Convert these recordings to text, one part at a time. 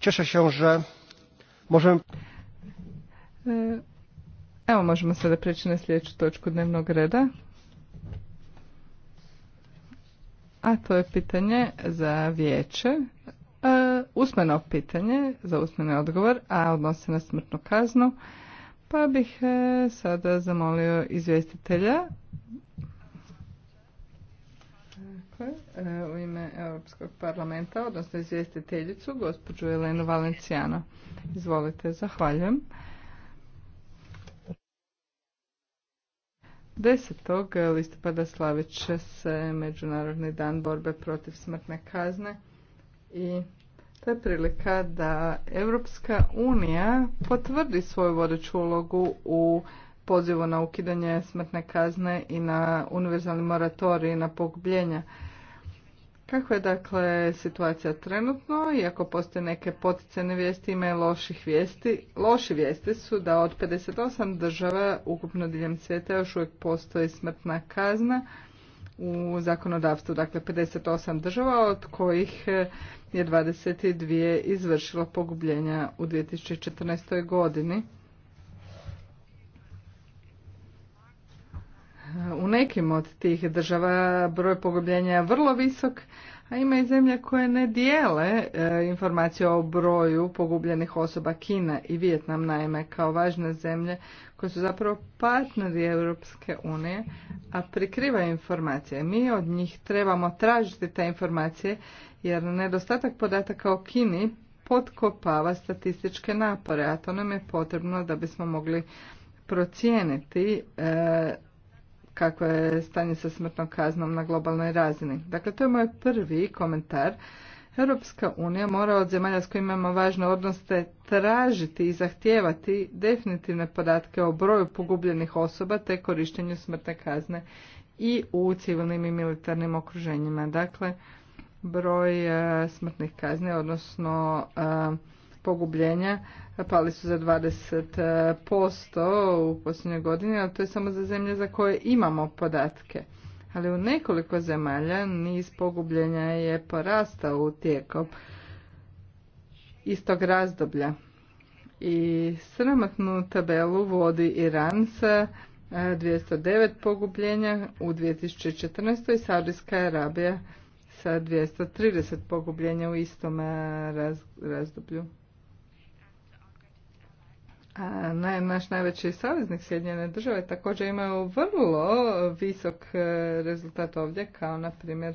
Cieszę się, że możemy... E, evo, možemo sada preći na sljedeću točku dnevnog reda. A to je pitanje za vijeće. E, usmeno pitanje za usmeni odgovor, a odnosi na smrtnu kaznu. Pa bih e, sada zamolio izvjestitelja tako dakle, e, U ime Europskog parlamenta, odnosno izvjestiteljicu, gospođu Elenu Valencijano. Izvolite, zahvaljujem. 10. listopada slavit će se Međunarodni dan borbe protiv smrtne kazne i to je prilika da Europska unija potvrdi svoju vodeću ulogu u pozivu na ukidanje smrtne kazne i na univerzalni moratorij na pogubljenja. Kako je dakle situacija trenutno? Iako postoje neke poticajne vijesti, ima i loših vijesti. Loše vijesti su da od 58 država ukupno diljem svijeta još uvijek postoji smrtna kazna u zakonodavstvu. Dakle, 58 država od kojih e, je 22 izvršilo pogubljenja u 2014. godini. U nekim od tih država broj pogubljenja je vrlo visok, a ima i zemlje koje ne dijele e, informacije o broju pogubljenih osoba Kina i Vijetnam naime kao važne zemlje koje su zapravo partneri Europske unije, a prikrivaju informacije. Mi od njih trebamo tražiti te informacije jer nedostatak podataka o Kini potkopava statističke napore, a to nam je potrebno da bismo mogli procijeniti e, kako je stanje sa smrtnom kaznom na globalnoj razini. Dakle, to je moj prvi komentar. Europska unija mora od zemalja s kojima imamo važne odnose tražiti i zahtijevati definitivne podatke o broju pogubljenih osoba te korištenju smrtne kazne i u civilnim i militarnim okruženjima. Dakle, broj e, smrtnih kazni, odnosno e, pogubljenja pali su za 20% u posljednjoj godini, ali to je samo za zemlje za koje imamo podatke. Ali u nekoliko zemalja niz pogubljenja je porastao u tijekom istog razdoblja. I sramotnu tabelu vodi Iran sa 209 e, pogubljenja u 2014. i Saudijska Arabija sa 230 pogubljenja u istom e, razdoblju. A naš najveći saveznik Sjedinjene države također imaju vrlo visok e, rezultat ovdje, kao na primjer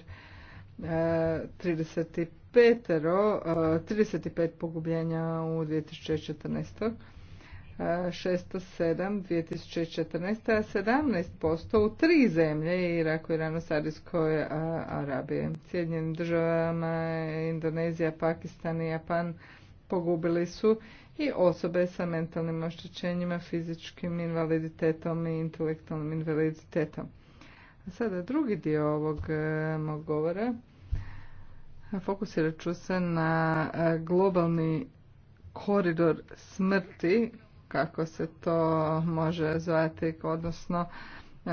35, e, 35 e, pogubljenja u 2014. 607 2014. a 17% u tri zemlje Iraku, Iranu, Sarijskoj Arabije. Sjedinjenim državama Indonezija, Pakistan i Japan pogubili su i osobe sa mentalnim oštećenjima, fizičkim invaliditetom i intelektualnim invaliditetom. A sada drugi dio ovog e, mog govora fokusirat ću se na e, globalni koridor smrti, kako se to može zvati, odnosno e,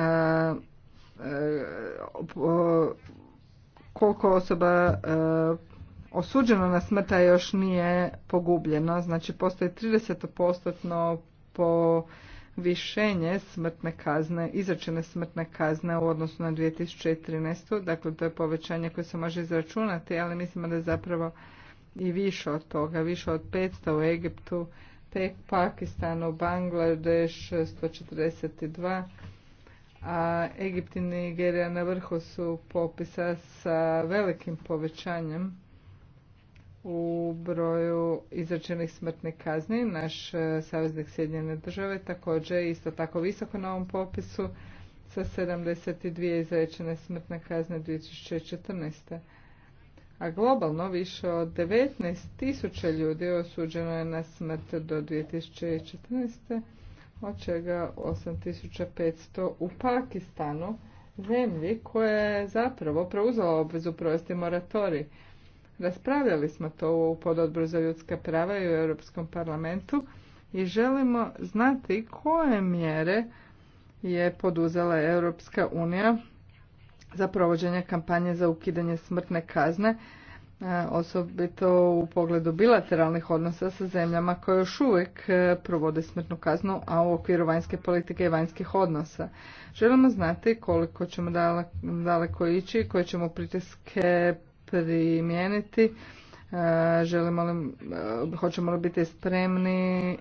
koliko osoba osuđeno na smrta još nije pogubljeno, znači postoji 30% po višenje smrtne kazne, izračene smrtne kazne u odnosu na 2013. Dakle, to je povećanje koje se može izračunati, ali mislimo da je zapravo i više od toga, više od 500 u Egiptu, tek Pakistanu, Bangladeš 142, a Egipt i Nigerija na vrhu su popisa sa velikim povećanjem u broju izračenih smrtnih kazni. Naš e, saveznik Sjedinjene države također je isto tako visoko na ovom popisu sa 72 izrečene smrtne kazne 2014. A globalno više od 19.000 ljudi osuđeno je na smrt do 2014. od čega 8.500 u Pakistanu, zemlji koja je zapravo preuzela obvezu provesti moratorij Raspravljali smo to u pododboru za ljudska prava i u Europskom parlamentu i želimo znati koje mjere je poduzela Europska unija za provođenje kampanje za ukidanje smrtne kazne, osobito u pogledu bilateralnih odnosa sa zemljama koje još uvijek e, provode smrtnu kaznu, a u okviru vanjske politike i vanjskih odnosa. Želimo znati koliko ćemo daleko ići i koje ćemo pritiske primijeniti. E, želimo li, e, hoćemo li biti spremni e,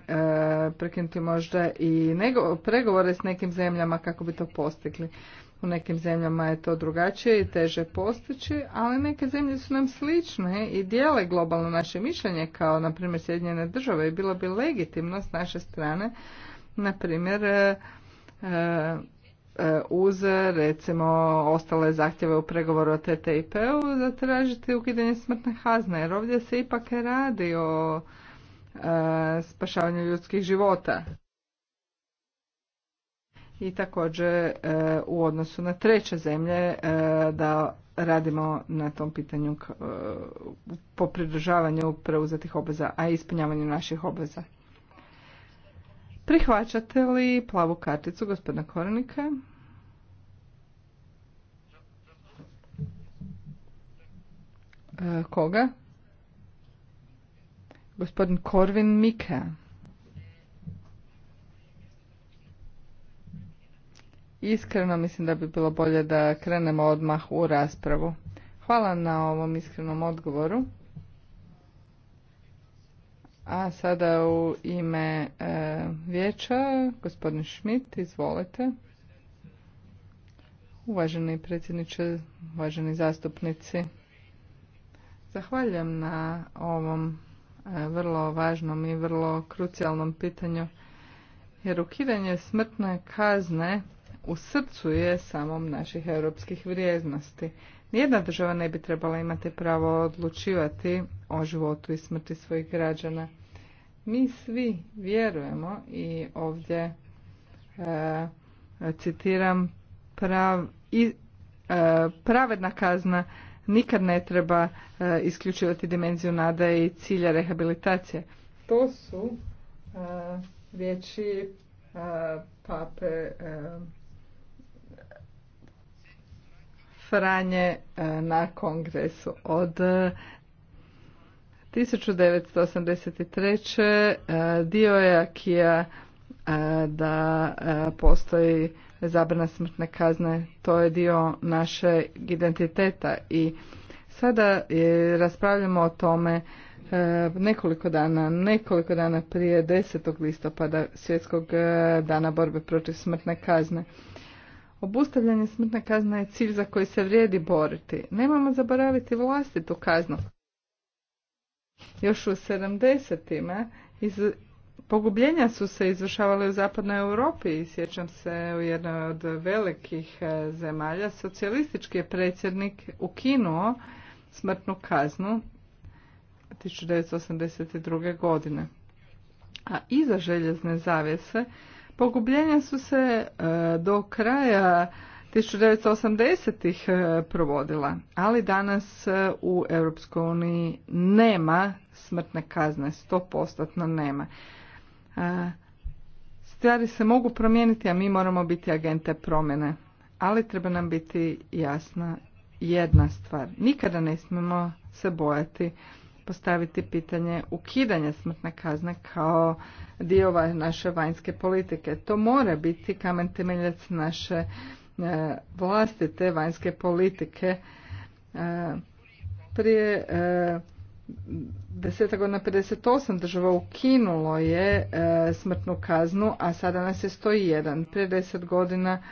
prekinuti možda i pregovore s nekim zemljama kako bi to postigli. U nekim zemljama je to drugačije i teže postići, ali neke zemlje su nam slične i dijele globalno naše mišljenje kao na primjer Sjedinjene države i bilo bi legitimno s naše strane na primjer E, uz recimo ostale zahtjeve u pregovoru o TTIP-u zatražiti ukidanje smrtne kazne jer ovdje se ipak radi o e, spašavanju ljudskih života. I također e, u odnosu na treće zemlje da radimo na tom pitanju po pridržavanju preuzetih obveza, a ispunjavanju naših obveza. Prihvaćate li plavu karticu gospodina Kornika? E, koga? Gospodin Korvin Mika. Iskreno mislim da bi bilo bolje da krenemo odmah u raspravu. Hvala na ovom iskrenom odgovoru. A sada u ime e, vijeća, gospodin Šmit, izvolite. Uvaženi predsjedniče, uvaženi zastupnici, zahvaljujem na ovom e, vrlo važnom i vrlo krucijalnom pitanju, jer ukidanje smrtne kazne u srcu je samom naših europskih vrijednosti. Nijedna država ne bi trebala imati pravo odlučivati o životu i smrti svojih građana. Mi svi vjerujemo i ovdje e, citiram prav, i, e, pravedna kazna nikad ne treba e, isključivati dimenziju nada i cilja rehabilitacije. To su riječi pape Franje e, na kongresu od 1983. E, e, dio je Akija da postoji zabrana smrtne kazne. To je dio naše identiteta i sada raspravljamo o tome nekoliko dana, nekoliko dana prije 10. listopada svjetskog dana borbe protiv smrtne kazne. Obustavljanje smrtne kazne je cilj za koji se vrijedi boriti. Nemamo zaboraviti vlastitu kaznu. Još u 70-ima iz... pogubljenja su se izvršavale u zapadnoj Europi i sjećam se u jednoj od velikih e, zemalja. Socijalistički je predsjednik ukinuo smrtnu kaznu 1982. godine. A iza željezne zavjese Pogubljenja su se e, do kraja 1980-ih e, provodila, ali danas e, u Europskoj uniji nema smrtne kazne, 100% nema. Stvari se mogu promijeniti, a mi moramo biti agente promjene. Ali treba nam biti jasna jedna stvar. Nikada ne smemo se bojati postaviti pitanje ukidanja smrtne kazne kao dio naše vanjske politike. To mora biti kamen temeljac naše e, vlastite vanjske politike. E, prije e, desetak godina 58 država ukinulo je smrtnu kaznu, a sada nas je jedan. Prije deset godina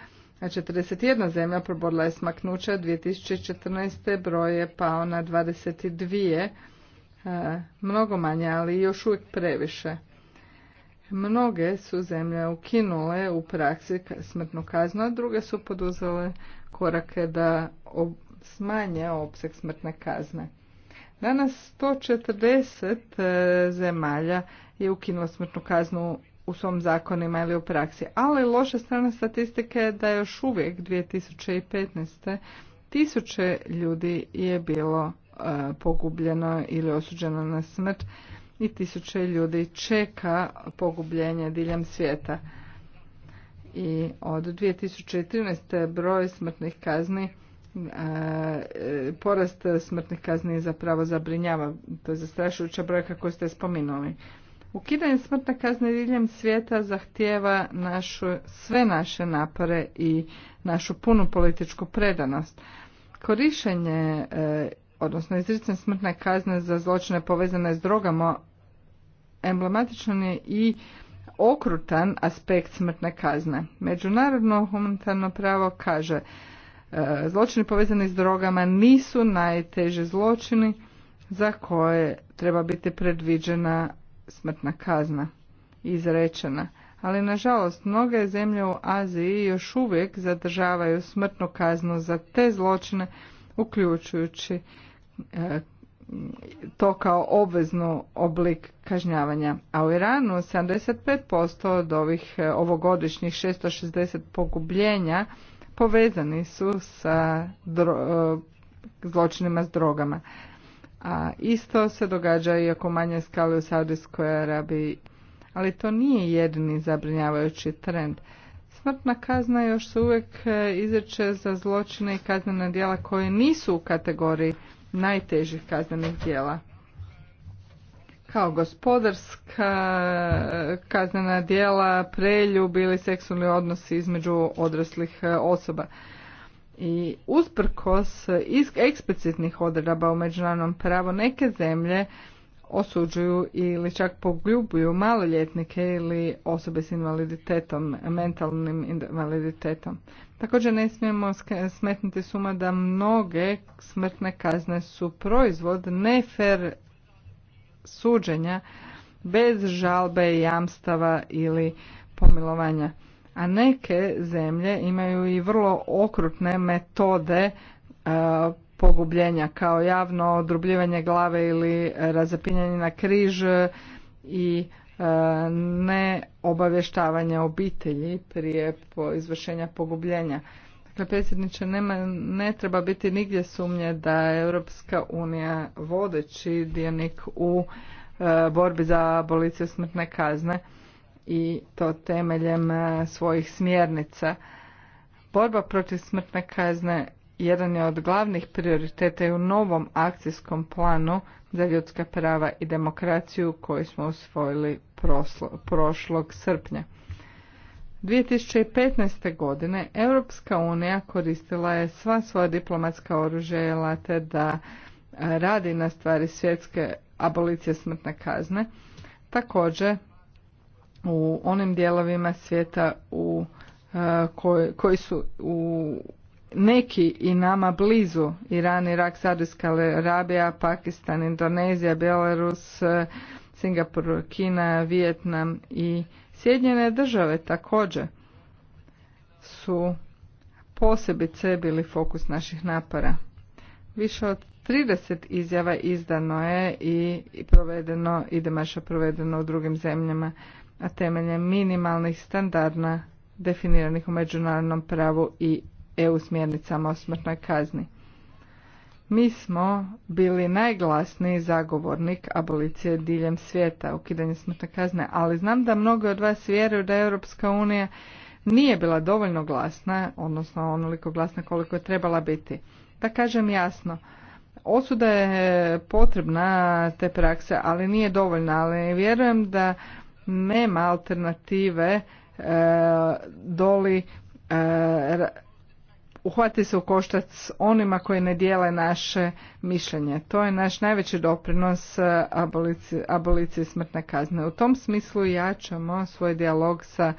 41 zemlja probodila je smaknuća, 2014. broj je pao na 22 E, mnogo manje, ali još uvijek previše. Mnoge su zemlje ukinule u praksi smrtnu kaznu, a druge su poduzele korake da smanje opseg smrtne kazne. Danas 140 e, zemalja je ukinulo smrtnu kaznu u svom zakonima ili u praksi, ali loša strana statistike je da još uvijek 2015. tisuće ljudi je bilo E, pogubljeno ili osuđeno na smrt i tisuće ljudi čeka pogubljenje diljem svijeta. I od 2013. broj smrtnih kazni e, porast smrtnih kazni zapravo zabrinjava. To je zastrašujuća brojka koju ste spominuli. Ukidanje smrtne kazne diljem svijeta zahtijeva našu, sve naše napore i našu punu političku predanost. Korišenje e, odnosno izricanje smrtne kazne za zločine povezane s drogama emblematičan je i okrutan aspekt smrtne kazne. Međunarodno humanitarno pravo kaže e, zločini povezani s drogama nisu najteži zločini za koje treba biti predviđena smrtna kazna izrečena. Ali nažalost, mnoge zemlje u Aziji još uvijek zadržavaju smrtnu kaznu za te zločine, uključujući E, to kao obveznu oblik kažnjavanja. A u Iranu 75% od ovih e, ovogodišnjih 660 pogubljenja povezani su sa e, zločinima s drogama. A isto se događa i ako manje skale u Saudijskoj Arabiji. Ali to nije jedini zabrinjavajući trend. Smrtna kazna još se uvijek izreče za zločine i kaznena djela koje nisu u kategoriji najtežih kaznenih djela. Kao gospodarska eh, kaznena djela, preljub ili seksualni odnosi između odraslih eh, osoba. I usprkos eksplicitnih odredaba u međunarodnom pravu neke zemlje osuđuju ili čak pogljubuju maloljetnike ili osobe s invaliditetom, mentalnim invaliditetom. Također ne smijemo smetniti suma da mnoge smrtne kazne su proizvod nefer suđenja bez žalbe, jamstava ili pomilovanja. A neke zemlje imaju i vrlo okrutne metode pogubljenja kao javno odrubljivanje glave ili e, razapinjanje na križ e, i e, ne obavještavanje obitelji prije izvršenja pogubljenja. Dakle, predsjedniče, nema, ne treba biti nigdje sumnje da je Europska unija vodeći dionik u borbi za aboliciju smrtne kazne i to temeljem svojih smjernica. Borba protiv smrtne kazne jedan je od glavnih prioriteta u novom akcijskom planu za ljudska prava i demokraciju koji smo usvojili prošlog srpnja. 2015. godine Europska unija koristila je sva svoja diplomatska oružja i da radi na stvari svjetske abolicije smrtne kazne. Također u onim dijelovima svijeta u, e, koji, koji su u neki i nama blizu Iran, Irak, Sadijska Arabija, Pakistan, Indonezija, Belarus, Singapur, Kina, Vijetnam i Sjedinjene države također su posebice bili fokus naših napora. Više od 30 izjava izdano je i provedeno i demaša provedeno u drugim zemljama, a temeljem minimalnih standarda definiranih u međunarodnom pravu i EU smjernicama o smrtnoj kazni. Mi smo bili najglasniji zagovornik abolicije diljem svijeta, ukidanje smrtne kazne, ali znam da mnogi od vas vjeruju da Europska unija nije bila dovoljno glasna, odnosno onoliko glasna koliko je trebala biti. Da kažem jasno, osuda je potrebna te prakse, ali nije dovoljna, ali vjerujem da nema alternative e, doli e, uhvati se u koštac onima koji ne dijele naše mišljenje. To je naš najveći doprinos e, abolici, abolicije smrtne kazne. U tom smislu jačamo svoj dijalog sa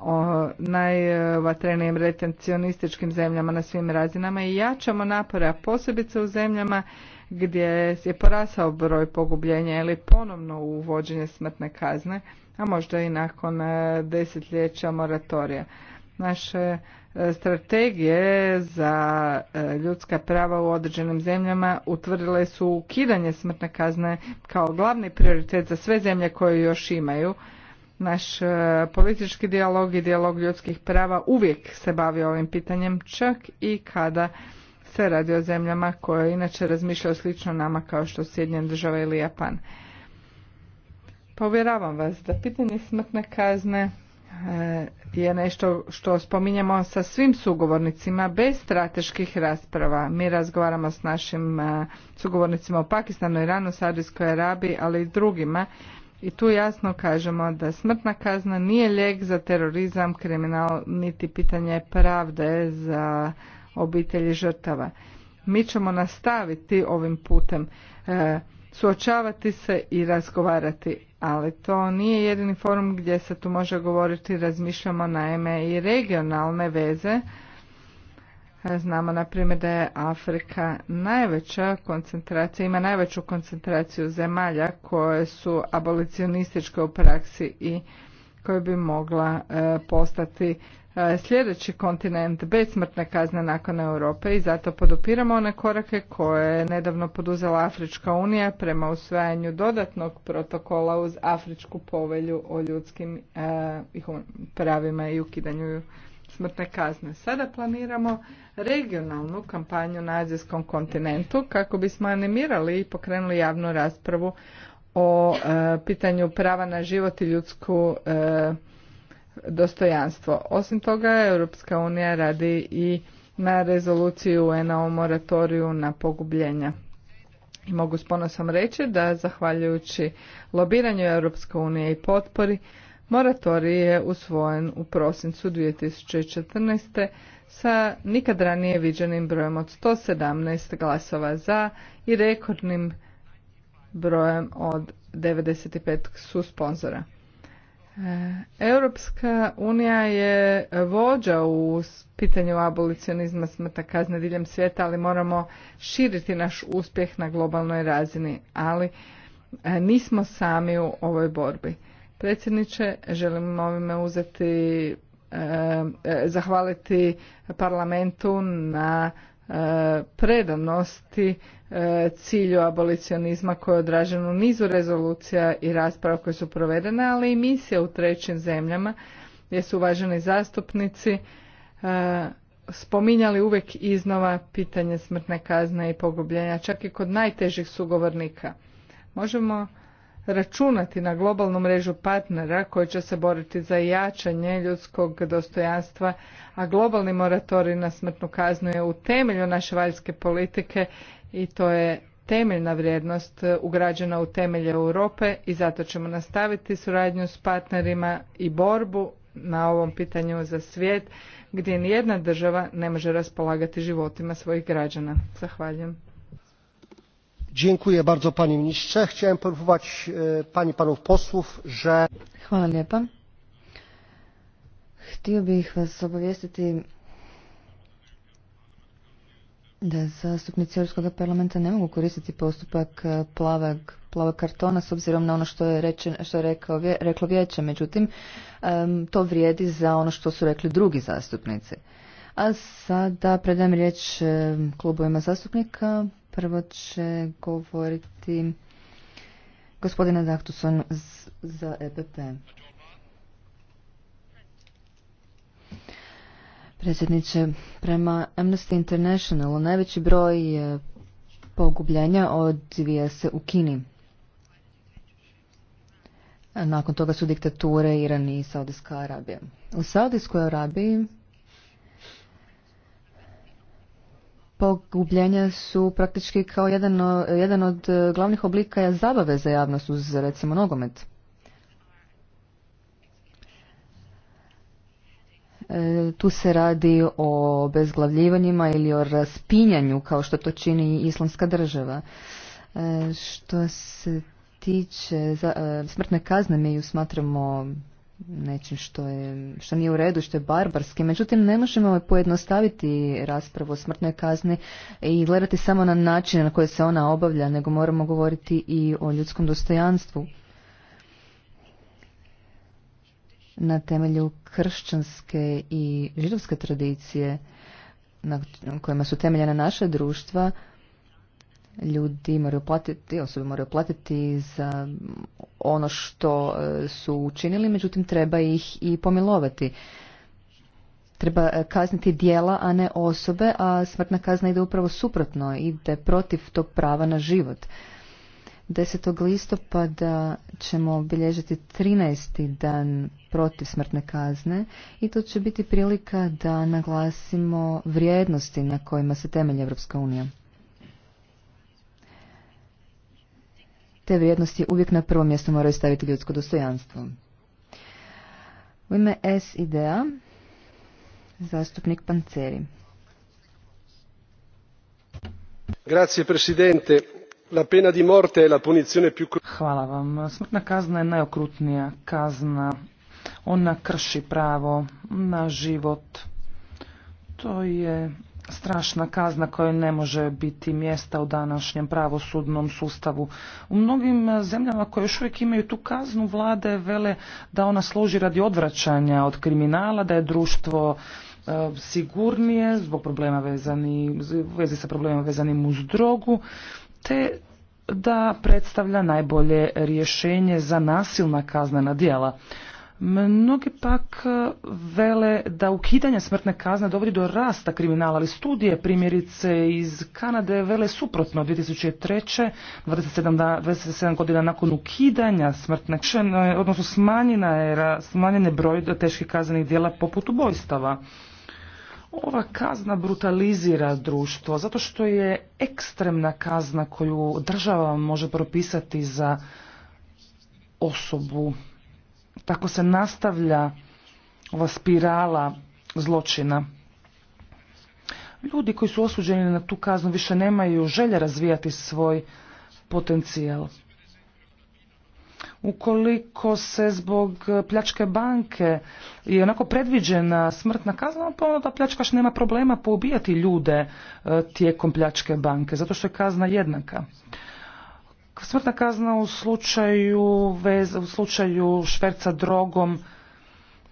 o najvatrenijim retencionističkim zemljama na svim razinama i jačamo napore, a posebice u zemljama gdje je porasao broj pogubljenja ili ponovno uvođenje smrtne kazne, a možda i nakon e, desetljeća moratorija. Naše strategije za e, ljudska prava u određenim zemljama utvrdile su ukidanje smrtne kazne kao glavni prioritet za sve zemlje koje još imaju. Naš e, politički dijalog i dijalog ljudskih prava uvijek se bavi ovim pitanjem, čak i kada se radi o zemljama koje inače razmišljaju slično nama kao što Sjedinjene država ili Japan. Povjeravam pa vas da pitanje smrtne kazne je nešto što spominjemo sa svim sugovornicima bez strateških rasprava. Mi razgovaramo s našim e, sugovornicima u Pakistanu, Iranu, Saudijskoj Arabiji, ali i drugima. I tu jasno kažemo da smrtna kazna nije lijek za terorizam, kriminal, niti pitanje pravde za obitelji žrtava. Mi ćemo nastaviti ovim putem, e, suočavati se i razgovarati ali to nije jedini forum gdje se tu može govoriti, razmišljamo naime i regionalne veze. Znamo na primjer da je Afrika najveća koncentracija, ima najveću koncentraciju zemalja koje su abolicionističke u praksi i koje bi mogla e, postati E, sljedeći kontinent bez smrtne kazne nakon Europe i zato podupiramo one korake koje je nedavno poduzela Afrička unija prema usvajanju dodatnog protokola uz Afričku povelju o ljudskim e, pravima i ukidanju smrtne kazne. Sada planiramo regionalnu kampanju na azijskom kontinentu kako bismo animirali i pokrenuli javnu raspravu o e, pitanju prava na život i ljudsku dostojanstvo. Osim toga, Europska unija radi i na rezoluciju un o moratoriju na pogubljenja. I mogu s ponosom reći da zahvaljujući lobiranju Europske unije i potpori, moratorij je usvojen u prosincu 2014. sa nikad ranije viđenim brojem od 117 glasova za i rekordnim brojem od 95 susponzora. Europska unija je vođa u pitanju abolicionizma smrta kazne diljem svijeta, ali moramo širiti naš uspjeh na globalnoj razini, ali e, nismo sami u ovoj borbi. Predsjedniče, želim ovime uzeti, e, e, zahvaliti parlamentu na predanosti e, cilju abolicionizma koji je odražen u nizu rezolucija i rasprava koje su provedene, ali i misije u trećim zemljama gdje su uvaženi zastupnici e, spominjali uvijek iznova pitanje smrtne kazne i pogubljenja, čak i kod najtežih sugovornika. Možemo računati na globalnu mrežu partnera koji će se boriti za jačanje ljudskog dostojanstva, a globalni moratorij na smrtnu kaznu je u temelju naše valjske politike i to je temeljna vrijednost e, ugrađena u temelje Europe i zato ćemo nastaviti suradnju s partnerima i borbu na ovom pitanju za svijet gdje nijedna država ne može raspolagati životima svojih građana. Zahvaljujem. Dziękuję bardzo panie ministrze. Chciałem e, panów posłów, że... Htio bih vas obavijestiti da zastupnici Europskog parlamenta ne mogu koristiti postupak e, plavog, kartona s obzirom na ono što je, što je reklo vijeće. Međutim, to vrijedi za ono što su rekli drugi zastupnici. A sada predajem riječ klubovima zastupnika. Prvo će govoriti gospodina Daktuson za EPP. Predsjedniče, prema Amnesty International. najveći broj e, pogubljenja odvija se u Kini. Nakon toga su diktature Iran i Saudijska Arabija. U Saudijskoj Arabiji pogubljenja su praktički kao jedan, jedan od e, glavnih oblika zabave za javnost uz recimo nogomet. E, tu se radi o bezglavljivanjima ili o raspinjanju kao što to čini islamska država. E, što se tiče smrtne kazne mi ju smatramo nečim što, je, što nije u redu, što je barbarski. Međutim, ne možemo pojednostaviti raspravu o smrtnoj kazni i gledati samo na način na koji se ona obavlja, nego moramo govoriti i o ljudskom dostojanstvu. Na temelju kršćanske i židovske tradicije na kojima su temeljena naša društva, ljudi moraju platiti, osobe moraju platiti za ono što e, su učinili, međutim treba ih i pomilovati. Treba e, kazniti dijela, a ne osobe, a smrtna kazna ide upravo suprotno, ide protiv tog prava na život. 10. listopada ćemo obilježiti 13. dan protiv smrtne kazne i to će biti prilika da naglasimo vrijednosti na kojima se temelji Evropska unija. te vrijednosti uvijek na prvo mjesto moraju staviti ljudsko dostojanstvo. U ime S zastupnik Panceri. Grazie Presidente. La pena di morte è la punizione più... Hvala vam. Smrtna kazna je najokrutnija kazna. Ona krši pravo na život. To je strašna kazna koja ne može biti mjesta u današnjem pravosudnom sustavu. U mnogim e, zemljama koje još uvijek imaju tu kaznu vlade vele da ona služi radi odvraćanja od kriminala, da je društvo e, sigurnije zbog problema vezani, vezi sa problemima vezanim uz drogu, te da predstavlja najbolje rješenje za nasilna kaznena djela. Mnogi pak e, vele da ukidanje smrtne kazne dovodi do rasta kriminala, ali studije primjerice iz Kanade vele suprotno 2003. 27, 27 godina nakon ukidanja smrtne kazne, odnosno smanjena je, smanjene broj teških kaznenih djela poput ubojstava. Ova kazna brutalizira društvo zato što je ekstremna kazna koju država može propisati za osobu tako se nastavlja ova spirala zločina. Ljudi koji su osuđeni na tu kaznu više nemaju želje razvijati svoj potencijal. Ukoliko se zbog pljačke banke je onako predviđena smrtna kazna, pa da pljačkaš nema problema poubijati ljude e, tijekom pljačke banke, zato što je kazna jednaka. Smrtna kazna u slučaju, vez, u slučaju šverca drogom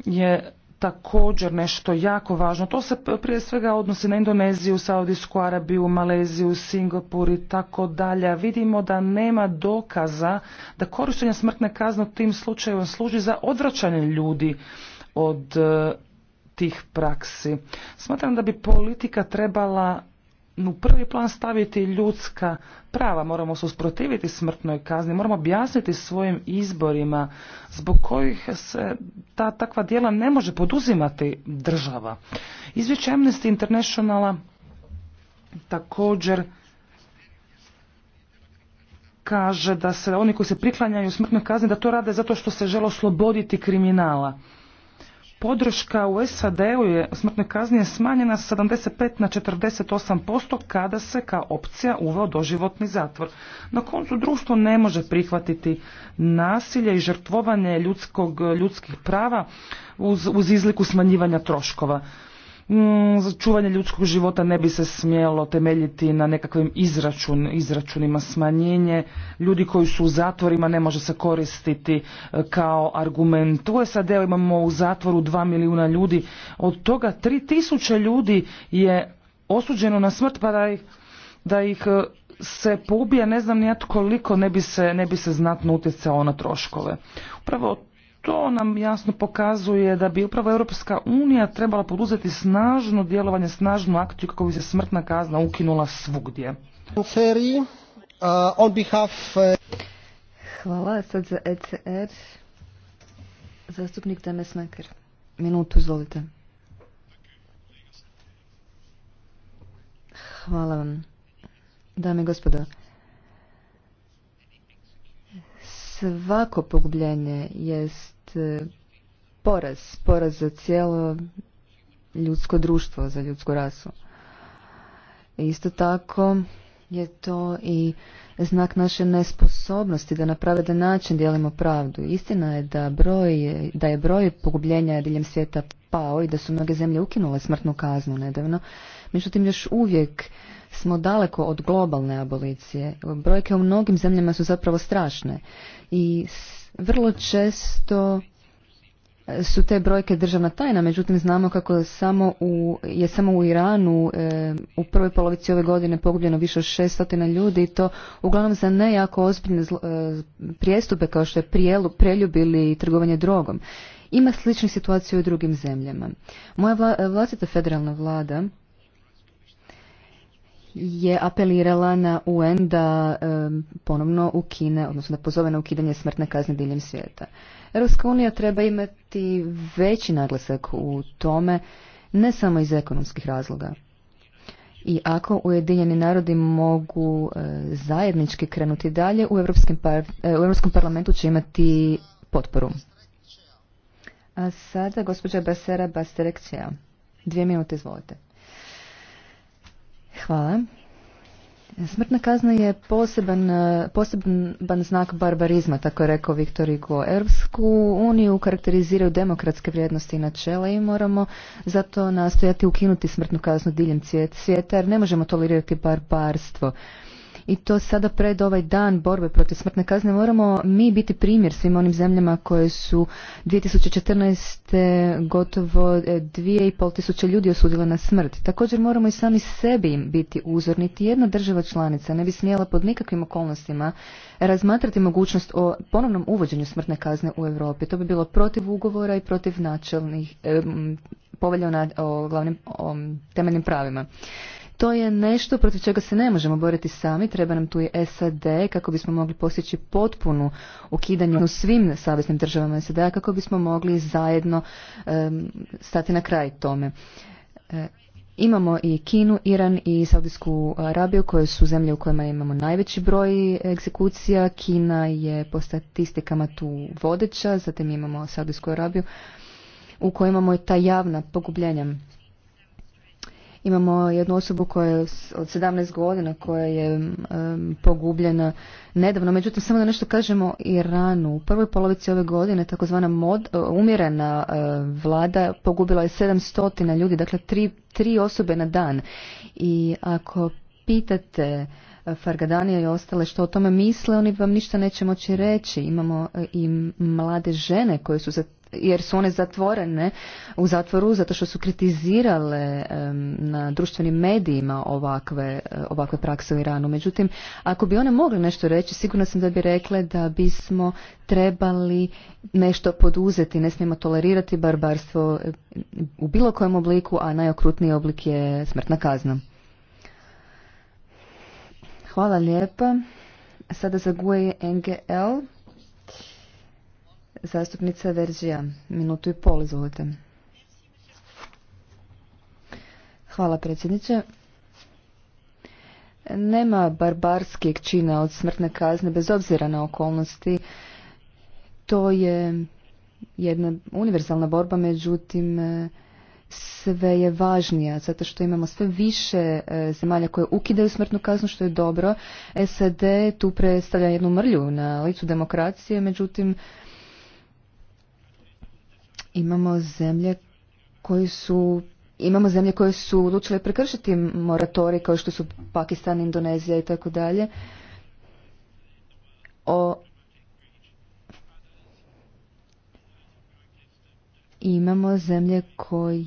je također nešto jako važno. To se prije svega odnosi na Indoneziju, Saudijsku Arabiju, Maleziju, Singapur i tako dalje. Vidimo da nema dokaza da korištenje smrtne kazne u tim slučajevima služi za odvraćanje ljudi od eh, tih praksi. Smatram da bi politika trebala u prvi plan staviti ljudska prava, moramo se usprotiviti smrtnoj kazni, moramo objasniti svojim izborima zbog kojih se ta takva djela ne može poduzimati država. Izvješće Amnesty Internationala također kaže da se oni koji se priklanjaju smrtnoj kazni da to rade zato što se žele osloboditi kriminala podrška u SAD-u je smrtnoj kazni je smanjena sa 75 na 48% kada se kao opcija uveo doživotni zatvor. Na koncu društvo ne može prihvatiti nasilje i žrtvovanje ljudskog, ljudskih prava uz, uz izliku smanjivanja troškova. Mm, za čuvanje ljudskog života ne bi se smjelo temeljiti na nekakvim izračun, izračunima smanjenje. Ljudi koji su u zatvorima ne može se koristiti e, kao argument. U sad imamo u zatvoru 2 milijuna ljudi, od toga 3000 ljudi je osuđeno na smrt pa da ih, da ih e, se pobija ne znam nijat koliko ne bi se, ne bi se znatno utjecao na troškove. Upravo to nam jasno pokazuje da bi upravo Europska unija trebala poduzeti snažno djelovanje, snažnu akciju kako bi se smrtna kazna ukinula svugdje. Uh, uh, Hvala, sad za ECR. Zastupnik temes Meker. Minutu, izvolite. Hvala vam. Dame i gospodo, svako pogubljenje jest E, poraz, poraz za cijelo ljudsko društvo, za ljudsku rasu. Isto tako je to i znak naše nesposobnosti da na pravedan način dijelimo pravdu. Istina je da, broj, da je broj pogubljenja diljem svijeta pao i da su mnoge zemlje ukinule smrtnu kaznu nedavno. Međutim, još uvijek smo daleko od globalne abolicije. Brojke u mnogim zemljama su zapravo strašne i vrlo često su te brojke državna tajna, međutim znamo kako je samo u Iranu e, u prvoj polovici ove godine pogubljeno više od 600 ljudi i to uglavnom za ne jako ozbiljne e, prijestupe kao što je preljub ili trgovanje drogom. Ima sličnu situaciju u drugim zemljama. Moja e, vlastita federalna vlada je apelirala na UN da ponovno ukine, odnosno da pozove na ukidanje smrtne kazne diljem svijeta. Europska unija treba imati veći naglasak u tome, ne samo iz ekonomskih razloga. I ako Ujedinjeni narodi mogu e, zajednički krenuti dalje, u Europskom, e, u Europskom parlamentu će imati potporu. A sada gospođa Basera Basterekcija. Dvije minute, izvolite. Hvala. Smrtna kazna je poseban, e, poseban znak barbarizma, tako je rekao Viktor Igo. Europsku uniju karakteriziraju demokratske vrijednosti i načela i moramo zato nastojati ukinuti smrtnu kaznu diljem svijeta jer ne možemo tolerirati barbarstvo i to sada pred ovaj dan borbe protiv smrtne kazne moramo mi biti primjer svim onim zemljama koje su 2014. gotovo 2,5 e, tisuće ljudi osudile na smrt. Također moramo i sami sebi biti uzor. Niti jedna država članica ne bi smjela pod nikakvim okolnostima razmatrati mogućnost o ponovnom uvođenju smrtne kazne u Europi. To bi bilo protiv ugovora i protiv načelnih e, povelja o, glavnim, temeljnim pravima to je nešto protiv čega se ne možemo boriti sami, treba nam tu i SAD kako bismo mogli postići potpunu ukidanje u svim saveznim državama SAD kako bismo mogli zajedno stati na kraj tome. E, imamo i Kinu, Iran i Saudijsku Arabiju koje su zemlje u kojima imamo najveći broj egzekucija. Kina je po statistikama tu vodeća, zatim imamo Saudijsku Arabiju u kojoj imamo i ta javna pogubljenja. Imamo jednu osobu koja je od 17 godina koja je pogubljena nedavno. Međutim, samo da nešto kažemo Iranu. U prvoj polovici ove godine takozvana e, umjerena e, vlada pogubila je 700 ljudi, dakle tri, osobe na dan. I ako pitate e, Fargadanija i ostale što o tome misle, oni vam ništa neće moći reći. Imamo i mlade žene koje su za jer su one zatvorene u zatvoru zato što su kritizirale na društvenim medijima ovakve, eh, ovakve prakse u Iranu. Međutim, ako bi one mogle nešto reći, sigurno sam da bi rekle da bismo trebali nešto poduzeti, ne smijemo tolerirati barbarstvo eh, u bilo kojem obliku, a najokrutniji oblik je smrtna kazna. Hvala lijepa. Sada za GUE NGL. Zastupnica Verzija minutu i pol, izvolite. Hvala predsjedniče. Nema barbarskih čina od smrtne kazne, bez obzira na okolnosti. To je jedna univerzalna borba, međutim sve je važnija, zato što imamo sve više e, zemalja koje ukidaju smrtnu kaznu, što je dobro. SAD tu predstavlja jednu mrlju na licu demokracije, međutim Imamo zemlje koji su Imamo zemlje koje su odlučile prekršiti moratori kao što su Pakistan, Indonezija i tako dalje. O Imamo zemlje koje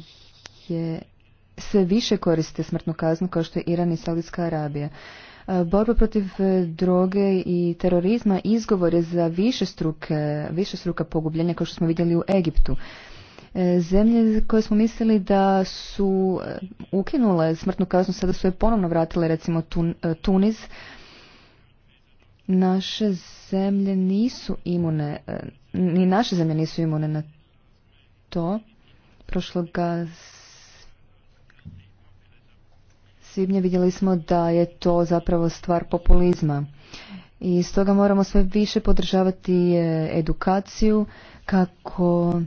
sve više koriste smrtnu kaznu kao što je Iran i Saudijska Arabija. Borba protiv e, droge i terorizma izgovor je za više višestruka pogubljenja kao što smo vidjeli u Egiptu. E, zemlje koje smo mislili da su e, ukinule smrtnu kaznu sada su je ponovno vratile recimo Tuniz. Naše zemlje nisu imune, ni naše zemlje nisu imune na to. Prošloga svibnja vidjeli smo da je to zapravo stvar populizma. I stoga moramo sve više podržavati e, edukaciju kako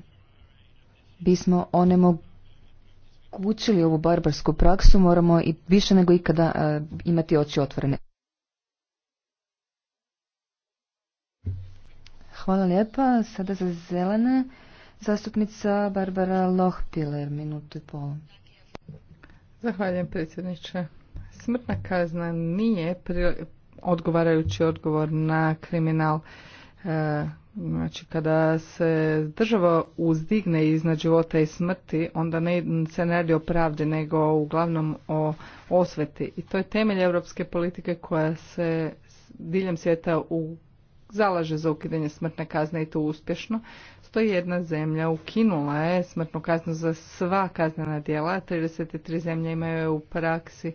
bismo onemogućili ovu barbarsku praksu, moramo i više nego ikada e, imati oči otvorene. Hvala lijepa. Sada za zelene zastupnica Barbara Lohpiller, minutu i pol. Zahvaljujem predsjedniče. Smrtna kazna nije odgovarajući odgovor na kriminal. E, znači kada se država uzdigne iznad života i smrti, onda ne, se ne radi o pravdi, nego uglavnom o osveti. I to je temelj europske politike koja se diljem svijeta u zalaže za ukidanje smrtne kazne i to uspješno. 101 zemlja ukinula je smrtnu kaznu za sva kaznena djela, 33 zemlje imaju je u praksi,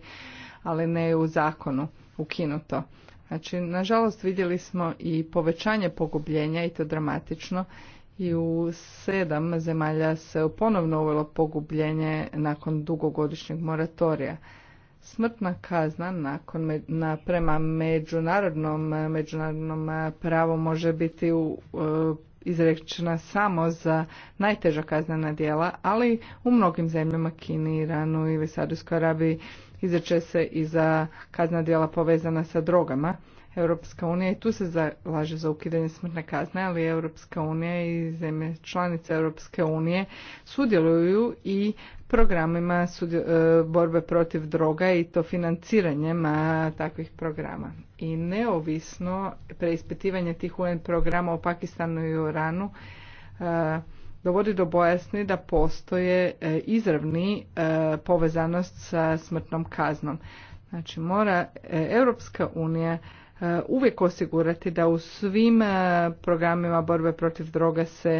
ali ne u zakonu ukinuto. Znači, nažalost vidjeli smo i povećanje pogubljenja i to dramatično i u sedam zemalja se ponovno uvelo pogubljenje nakon dugogodišnjeg moratorija smrtna kazna nakon na, prema međunarodnom međunarodnom e, pravu može biti u, e, izrečena samo za najteža kaznena djela, ali u mnogim zemljama Kini, Iranu ili Saudijskoj Arabiji izreče se i za kaznena djela povezana sa drogama Europska unija i tu se zalaže za ukidanje smrtne kazne, ali Europska unija i zemlje članice Europske unije sudjeluju i programima e, borbe protiv droga i to financiranjem takvih programa. I neovisno preispitivanje tih UN programa u Pakistanu i Iranu e, dovodi do bojasni da postoje e, izravni povezanost sa smrtnom kaznom. Znači mora Europska unija E, uvijek osigurati da u svim e, programima borbe protiv droga se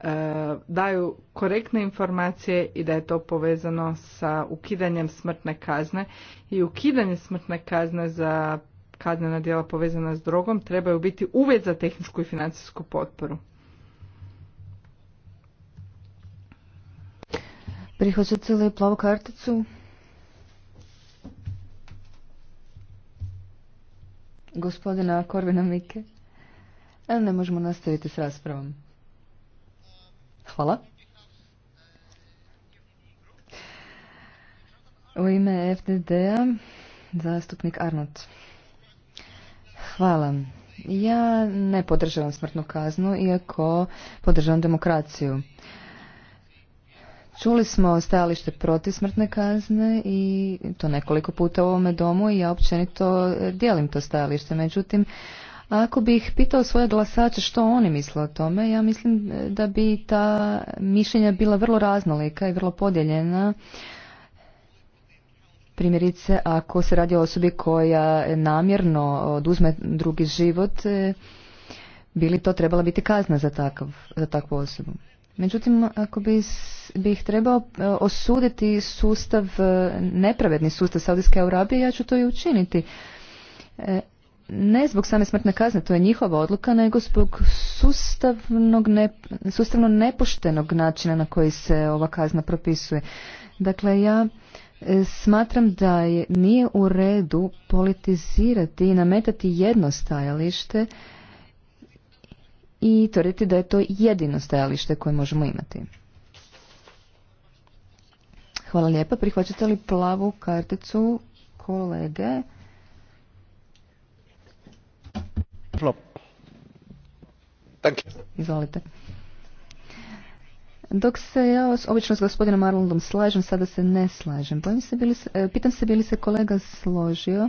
e, daju korektne informacije i da je to povezano sa ukidanjem smrtne kazne i ukidanje smrtne kazne za kaznena djela povezana s drogom trebaju biti uvjet za tehničku i financijsku potporu. Prihvaćate li plavu karticu? gospodina Korvina Mike. Ne možemo nastaviti s raspravom. Hvala. U ime FDD-a zastupnik Arnot. Hvala. Ja ne podržavam smrtnu kaznu, iako podržavam demokraciju. Čuli smo stajalište protiv smrtne kazne i to nekoliko puta u ovome domu i ja općenito eh, dijelim to stajalište. Međutim, ako bih pitao svoje glasače što oni misle o tome, ja mislim eh, da bi ta mišljenja bila vrlo raznolika i vrlo podijeljena. Primjerice, ako se radi o osobi koja eh, namjerno oduzme drugi život, bili to trebala biti kazna za, takav, za takvu osobu. Međutim, ako bi, bi ih trebao e, osuditi sustav, e, nepravedni sustav Saudijske Arabije, ja ću to i učiniti. E, ne zbog same smrtne kazne, to je njihova odluka, nego zbog sustavnog ne, sustavno nepoštenog načina na koji se ova kazna propisuje. Dakle, ja smatram da je, nije u redu politizirati i nametati jedno stajalište, i tvrditi da je to jedino stajalište koje možemo imati. Hvala lijepa. Prihvaćate li plavu karticu kolege? Izvolite. Dok se ja obično s gospodinom Arnoldom slažem, sada se ne slažem. Pitam se, bili se, e, se bili se kolega složio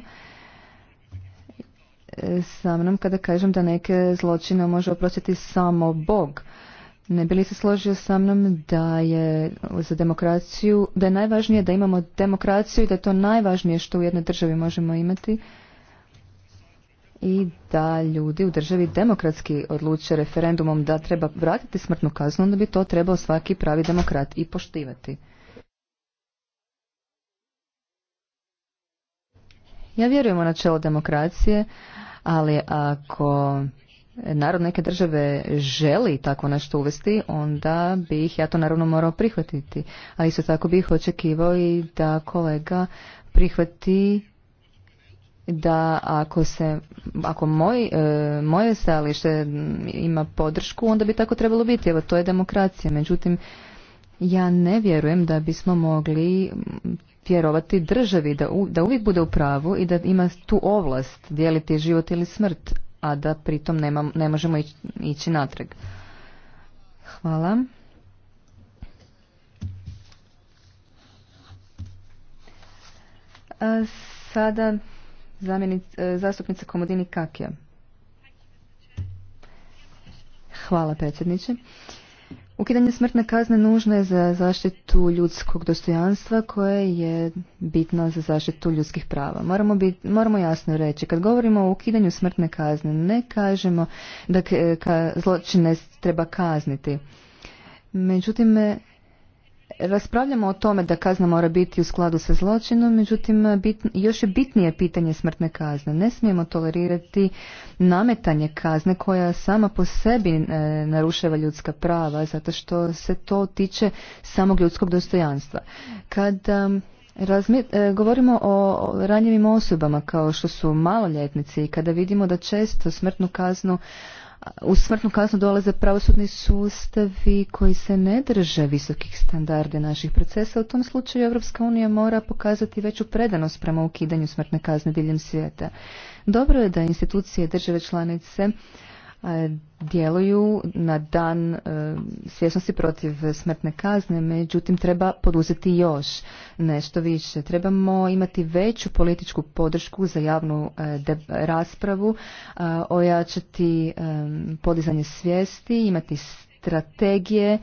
sa mnom kada kažem da neke zločine može oprostiti samo Bog. Ne bi li se složio sa mnom da je za demokraciju, da je najvažnije da imamo demokraciju i da je to najvažnije što u jednoj državi možemo imati i da ljudi u državi demokratski odluče referendumom da treba vratiti smrtnu kaznu, onda bi to trebao svaki pravi demokrat i poštivati. Ja vjerujem u načelo demokracije, ali ako narod neke države želi tako nešto uvesti, onda bih ja to naravno morao prihvatiti. A isto tako bih očekivao i da kolega prihvati da ako se, ako moj, e, moje stajalište ima podršku, onda bi tako trebalo biti. Evo, to je demokracija. Međutim, ja ne vjerujem da bismo mogli vjerovati državi da, da uvijek bude u pravu i da ima tu ovlast dijeliti život ili smrt, a da pritom nema, ne možemo ići, natrag. Hvala. A sada e, zastupnica Komodini Kakija. Hvala predsjedniče. Ukidanje smrtne kazne nužno je za zaštitu ljudskog dostojanstva koje je bitno za zaštitu ljudskih prava. Moramo, moramo jasno reći, kad govorimo o ukidanju smrtne kazne, ne kažemo da ka, zločine treba kazniti. Međutim, raspravljamo o tome da kazna mora biti u skladu sa zločinom, međutim još je bitnije pitanje smrtne kazne. Ne smijemo tolerirati nametanje kazne koja sama po sebi e, narušava ljudska prava zato što se to tiče samog ljudskog dostojanstva. Kada e, govorimo o ranjivim osobama kao što su maloljetnici i kada vidimo da često smrtnu kaznu u smrtnu kaznu dolaze pravosudni sustavi koji se ne drže visokih standarda naših procesa. U tom slučaju Europska unija mora pokazati veću predanost prema ukidanju smrtne kazne diljem svijeta. Dobro je da institucije države članice djeluju na dan e, svjesnosti protiv smrtne kazne, međutim treba poduzeti još nešto više. Trebamo imati veću političku podršku za javnu e, raspravu, e, ojačati podizanje svijesti, imati strategije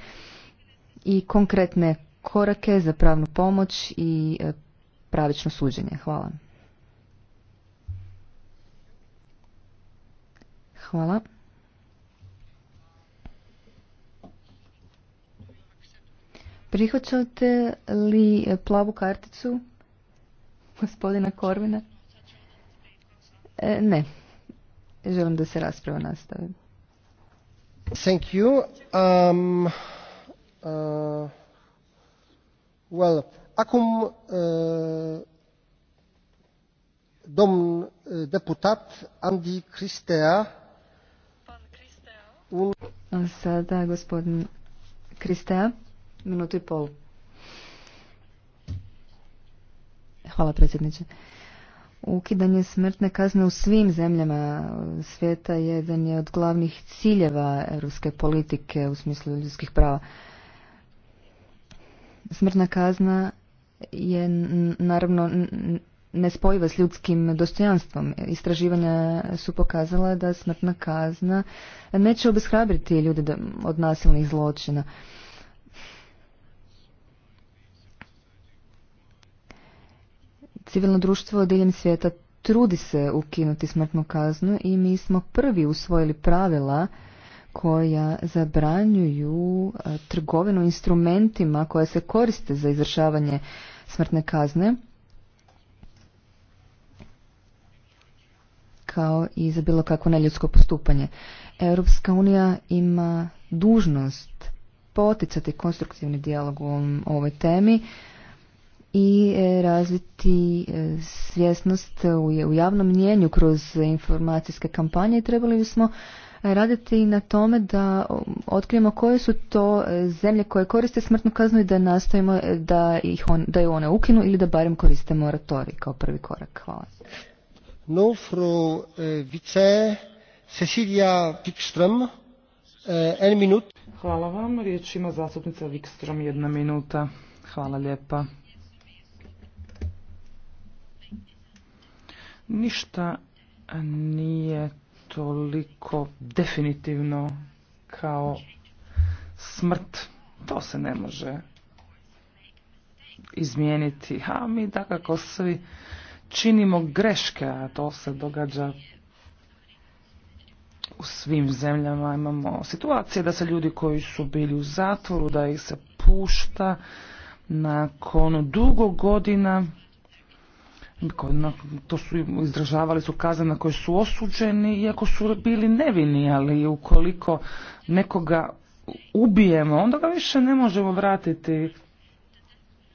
i konkretne korake za pravnu pomoć i pravično suđenje. Hvala. Hvala. Prihvaćate li plavu karticu gospodina Korvina? E, ne. Želim da se raspravo nastavi. Thank you. Um, uh, well, acum uh, domn uh, deputat Andy Cristea. Un... Sada gospodin Kristea minutu i pol. Hvala predsjedniče. Ukidanje smrtne kazne u svim zemljama svijeta jedan je od glavnih ciljeva europske politike u smislu ljudskih prava. Smrtna kazna je naravno nespojiva s ljudskim dostojanstvom. Istraživanja su pokazala da smrtna kazna neće obeshrabriti ljude od nasilnih zločina. Civilno društvo diljem svijeta trudi se ukinuti smrtnu kaznu i mi smo prvi usvojili pravila koja zabranjuju e, trgovinu instrumentima koje se koriste za izvršavanje smrtne kazne kao i za bilo kakvo neljudsko postupanje. Europska unija ima dužnost poticati konstruktivni dijalog u ovoj temi i e, razviti e, svjesnost u javnom mnjenju kroz informacijske kampanje i trebali bismo raditi na tome da otkrijemo koje su to e, zemlje koje koriste smrtnu kaznu i da nastavimo da, ih da ju one ukinu ili da barem koriste moratorij kao prvi korak. Hvala. No, vice, Cecilia en minut. Hvala vam. Riječ ima zastupnica Wikström, jedna minuta. Hvala lijepa. Ništa nije toliko definitivno kao smrt. To se ne može izmijeniti. A mi dakako svi činimo greške, a to se događa u svim zemljama. Imamo situacije da se ljudi koji su bili u zatvoru, da ih se pušta nakon dugo godina to su izražavali su kazne na koje su osuđeni iako su bili nevini, ali ukoliko nekoga ubijemo, onda ga više ne možemo vratiti.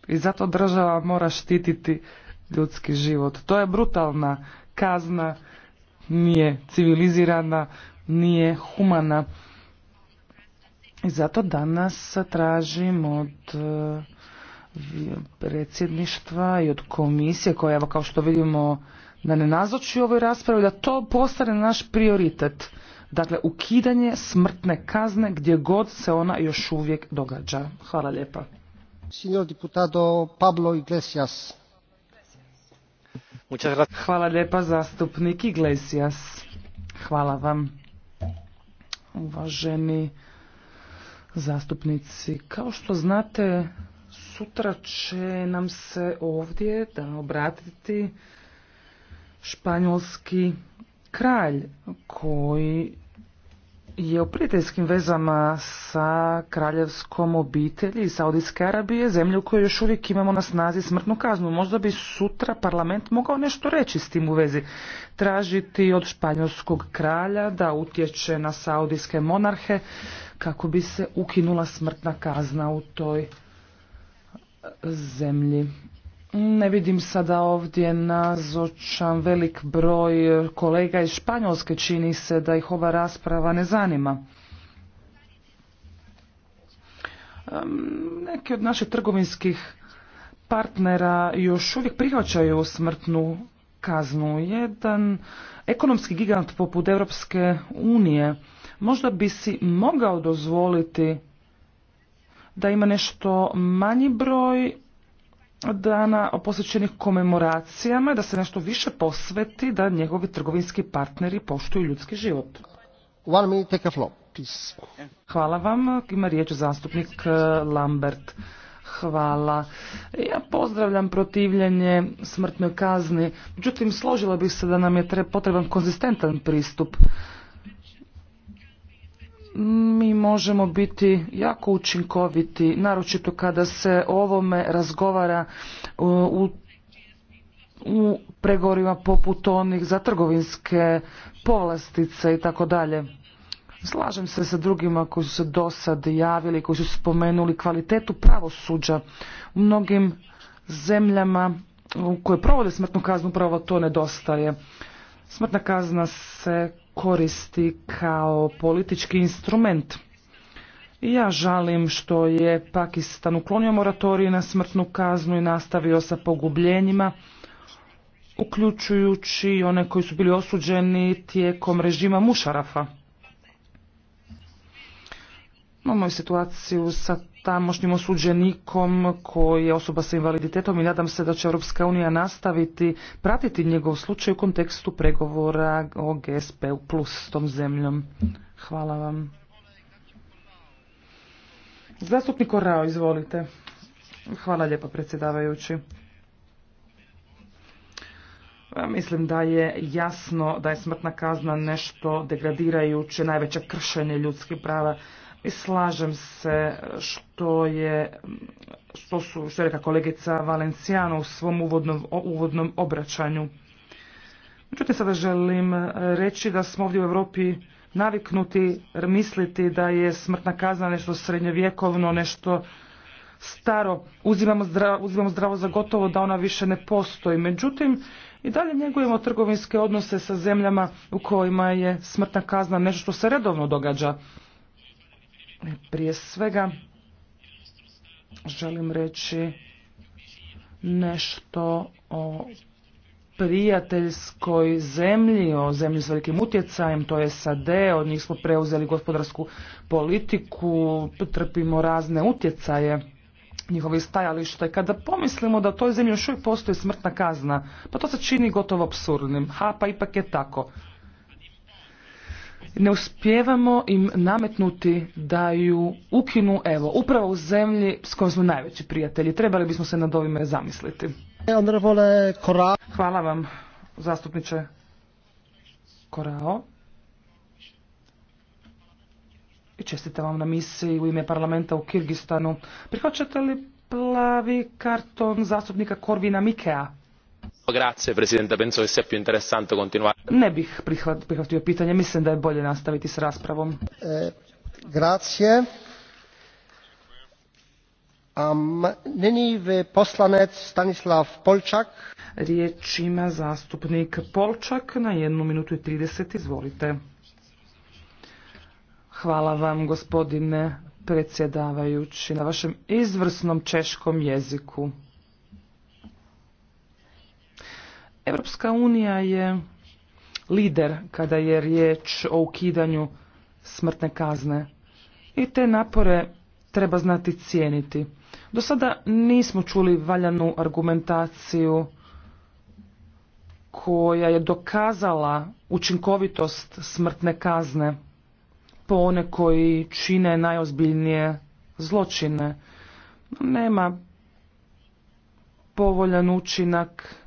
I zato država mora štititi ljudski život. To je brutalna kazna, nije civilizirana, nije humana. I zato danas tražim od predsjedništva i od komisije koja evo kao što vidimo da ne nazoči ovoj raspravi, da to postane naš prioritet. Dakle, ukidanje smrtne kazne gdje god se ona još uvijek događa. Hvala lijepa. Signor diputado Pablo Iglesias. Hvala lijepa zastupnik Iglesias. Hvala vam. Uvaženi zastupnici, kao što znate, Sutra će nam se ovdje da obratiti španjolski kralj koji je u prijateljskim vezama sa kraljevskom obitelji Saudijske Arabije, zemlju u kojoj još uvijek imamo na snazi smrtnu kaznu. Možda bi sutra parlament mogao nešto reći s tim u vezi. Tražiti od španjolskog kralja da utječe na saudijske monarhe kako bi se ukinula smrtna kazna u toj zemlji. Ne vidim sada ovdje nazočan velik broj kolega iz Španjolske. Čini se da ih ova rasprava ne zanima. Neki od naših trgovinskih partnera još uvijek prihvaćaju smrtnu kaznu. Jedan ekonomski gigant poput Europske unije možda bi si mogao dozvoliti da ima nešto manji broj dana posvećenih komemoracijama, da se nešto više posveti da njegovi trgovinski partneri poštuju ljudski život. Hvala vam. Ima riječ zastupnik eh, Lambert. Hvala. Ja pozdravljam protivljenje smrtnoj kazni, međutim složila bih se da nam je potreban konzistentan pristup mi možemo biti jako učinkoviti, naročito kada se o ovome razgovara u, u pregovorima poput onih za trgovinske povlastice i tako dalje. Slažem se sa drugima koji su se do sad javili, koji su spomenuli kvalitetu pravosuđa u mnogim zemljama koje provode smrtnu kaznu, upravo to nedostaje. Smrtna kazna se koristi kao politički instrument. ja žalim što je Pakistan uklonio moratorij na smrtnu kaznu i nastavio sa pogubljenjima, uključujući one koji su bili osuđeni tijekom režima Mušarafa. Imamo i situaciju sa tamošnjim osuđenikom koji je osoba sa invaliditetom i nadam se da će Europska unija nastaviti pratiti njegov slučaj u kontekstu pregovora o GSP plus s tom zemljom. Hvala vam. Zastupnik Korao, izvolite. Hvala lijepo, predsjedavajući. Mislim da je jasno da je smrtna kazna nešto degradirajuće, najveće kršenje ljudskih prava. I slažem se što je, što su, što je reka kolegica Valenciano u svom uvodnom, uvodnom obraćanju. Međutim, sada želim reći da smo ovdje u Europi naviknuti misliti da je smrtna kazna nešto srednjevjekovno, nešto staro. Uzimamo zdravo, uzimamo zdravo za gotovo da ona više ne postoji. Međutim, i dalje njegujemo trgovinske odnose sa zemljama u kojima je smrtna kazna nešto što se redovno događa. Prije svega želim reći nešto o prijateljskoj zemlji, o zemlji s velikim utjecajem, to je SAD, od njih smo preuzeli gospodarsku politiku, trpimo razne utjecaje njihovi stajališta i kada pomislimo da u toj zemlji još uvijek postoji smrtna kazna, pa to se čini gotovo absurdnim. Ha, pa ipak je tako ne uspijevamo im nametnuti da ju ukinu, evo, upravo u zemlji s kojom smo najveći prijatelji. Trebali bismo se nad ovime zamisliti. Hvala vam, zastupniče Korao. I čestitam vam na misiji u ime parlamenta u Kirgistanu. Prihvaćate li plavi karton zastupnika Korvina Mikea? Grazie, Presidente. Penso che sia più interessante continuare. Ne bih prihvatio pitanje. Mislim da je bolje nastaviti s raspravom. E, grazie. Um, nini poslanec Stanislav Polčak. Riječ ima zastupnik Polčak na jednu minutu i trideset. Izvolite. Hvala vam gospodine predsjedavajući na vašem izvrsnom češkom jeziku. Europska unija je lider kada je riječ o ukidanju smrtne kazne i te napore treba znati cijeniti. Do sada nismo čuli valjanu argumentaciju koja je dokazala učinkovitost smrtne kazne po one koji čine najozbiljnije zločine. Nema povoljan učinak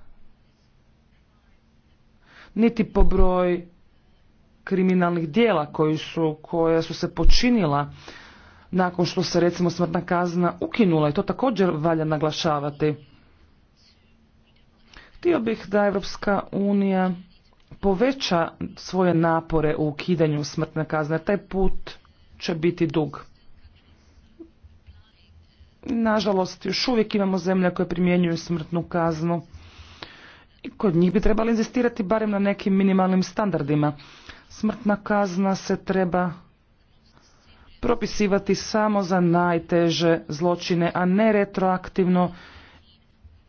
niti po broj kriminalnih dijela koji su, koja su se počinila nakon što se recimo smrtna kazna ukinula i to također valja naglašavati. Htio bih da Europska unija poveća svoje napore u ukidanju smrtne kazne. Taj put će biti dug. Nažalost, još uvijek imamo zemlje koje primjenjuju smrtnu kaznu i kod njih bi trebali inzistirati barem na nekim minimalnim standardima. Smrtna kazna se treba propisivati samo za najteže zločine, a ne retroaktivno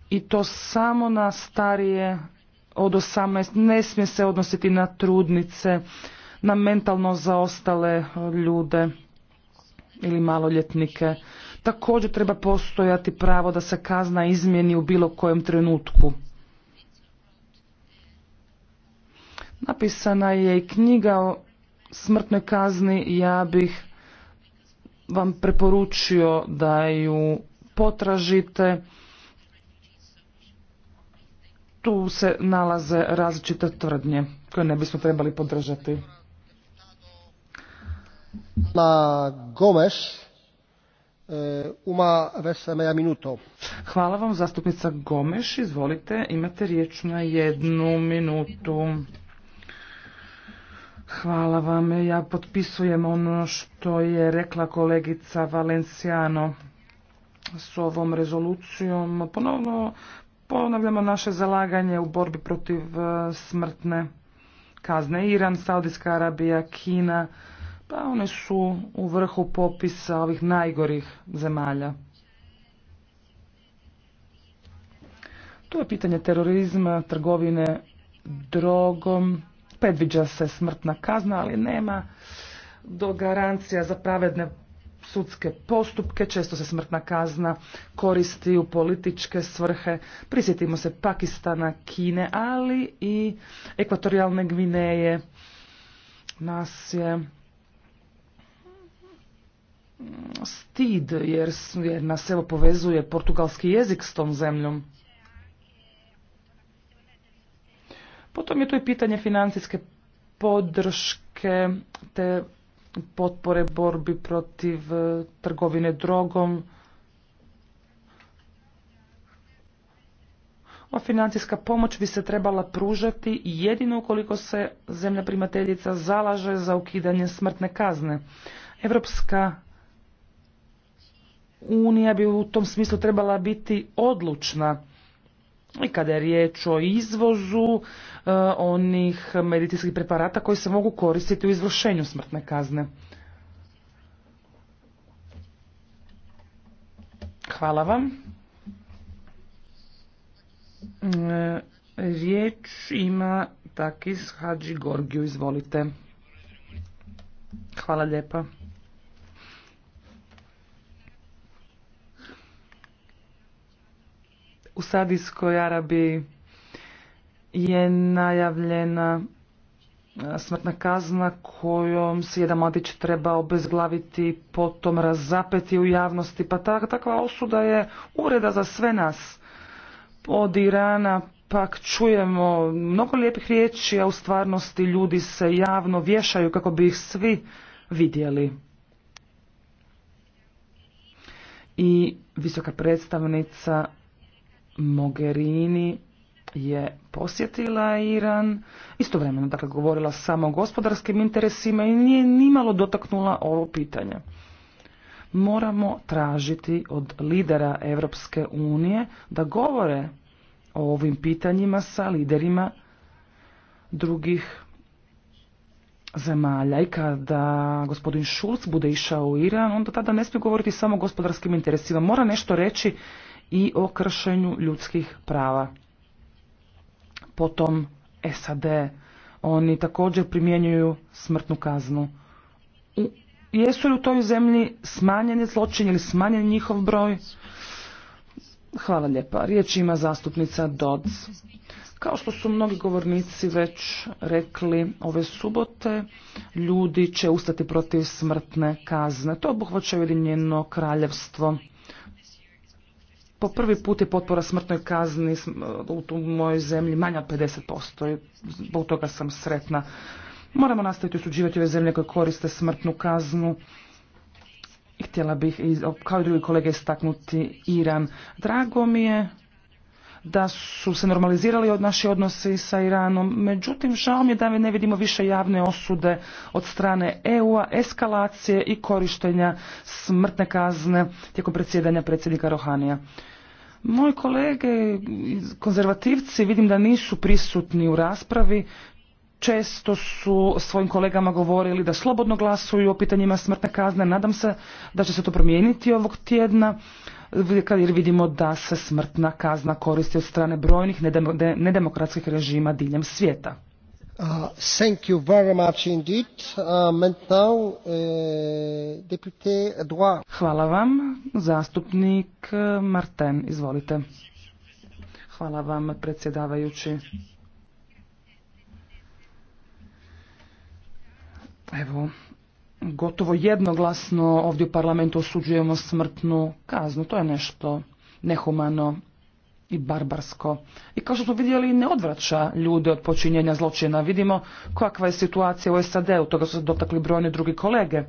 i to samo na starije od 18, ne smije se odnositi na trudnice, na mentalno zaostale e, ljude ili maloljetnike. Također treba postojati pravo da se kazna izmjeni u bilo kojem trenutku. Napisana je i knjiga o smrtnoj kazni. Ja bih vam preporučio da ju potražite. Tu se nalaze različite tvrdnje koje ne bismo trebali podržati. Na Gomes eh, uma meja minuto. Hvala vam zastupnica Gomeš, izvolite, imate riječ na jednu minutu. Hvala vam. Ja potpisujem ono što je rekla kolegica Valenciano s ovom rezolucijom. Ponovno ponavljamo naše zalaganje u borbi protiv e, smrtne kazne. Iran, Saudijska Arabija, Kina, pa one su u vrhu popisa ovih najgorih zemalja. To je pitanje terorizma, trgovine drogom, predviđa se smrtna kazna, ali nema do garancija za pravedne sudske postupke, često se smrtna kazna koristi u političke svrhe. Prisjetimo se Pakistana, Kine, ali i ekvatorijalne Gvineje. Nas je stid jer nas evo povezuje portugalski jezik s tom zemljom. Potom je to i pitanje financijske podrške te potpore borbi protiv e, trgovine drogom. Ova financijska pomoć bi se trebala pružati jedino ukoliko se zemlja primateljica zalaže za ukidanje smrtne kazne. Europska unija bi u tom smislu trebala biti odlučna i kada je riječ o izvozu e, onih medicinskih preparata koji se mogu koristiti u izvršenju smrtne kazne. Hvala vam. E, riječ ima Takis Hadži Gorgiju, izvolite. Hvala lijepa. u Sadijskoj Arabiji je najavljena e, smrtna kazna kojom se jedan mladić treba obezglaviti, potom razapeti u javnosti, pa ta, takva osuda je ureda za sve nas. Od Irana pak čujemo mnogo lijepih riječi, a u stvarnosti ljudi se javno vješaju kako bi ih svi vidjeli. I visoka predstavnica Mogherini je posjetila Iran, istovremeno dakle govorila samo o gospodarskim interesima i nije nimalo dotaknula ovo pitanje. Moramo tražiti od lidera Europske unije da govore o ovim pitanjima sa liderima drugih zemalja i kada gospodin Schulz bude išao u Iran, onda tada ne smije govoriti samo o gospodarskim interesima. Mora nešto reći i o kršenju ljudskih prava. Potom SAD, oni također primjenjuju smrtnu kaznu. jesu li u toj zemlji smanjeni zločin ili smanjen njihov broj? Hvala lijepa. Riječ ima zastupnica Dodds. Kao što su mnogi govornici već rekli ove subote, ljudi će ustati protiv smrtne kazne. To obuhvaća Ujedinjeno kraljevstvo po prvi put je potpora smrtnoj kazni u mojoj zemlji manja 50% i zbog toga sam sretna. Moramo nastaviti osuđivati ove zemlje koje koriste smrtnu kaznu. I htjela bih, kao i drugi kolege, istaknuti Iran. Drago mi je da su se normalizirali od naši odnosi sa Iranom. Međutim, žao mi je da ne vidimo više javne osude od strane EU-a, eskalacije i korištenja smrtne kazne tijekom predsjedanja predsjednika Rohanija. Moji kolege konzervativci vidim da nisu prisutni u raspravi. Često su svojim kolegama govorili da slobodno glasuju o pitanjima smrtne kazne. Nadam se da će se to promijeniti ovog tjedna jer vidimo da se smrtna kazna koristi od strane brojnih nedemokratskih režima diljem svijeta. Uh, thank you very much indeed. Uh, uh, Hvala vam. Zastupnik uh, Marten, izvolite. Hvala vam, predsjedavajući. Evo, gotovo jednoglasno ovdje u parlamentu osuđujemo smrtnu kaznu. To je nešto nehumano i barbarsko. I kao što smo vidjeli, ne odvraća ljude od počinjenja zločina. Vidimo kakva je situacija u SAD-u, toga su se dotakli brojne drugi kolege.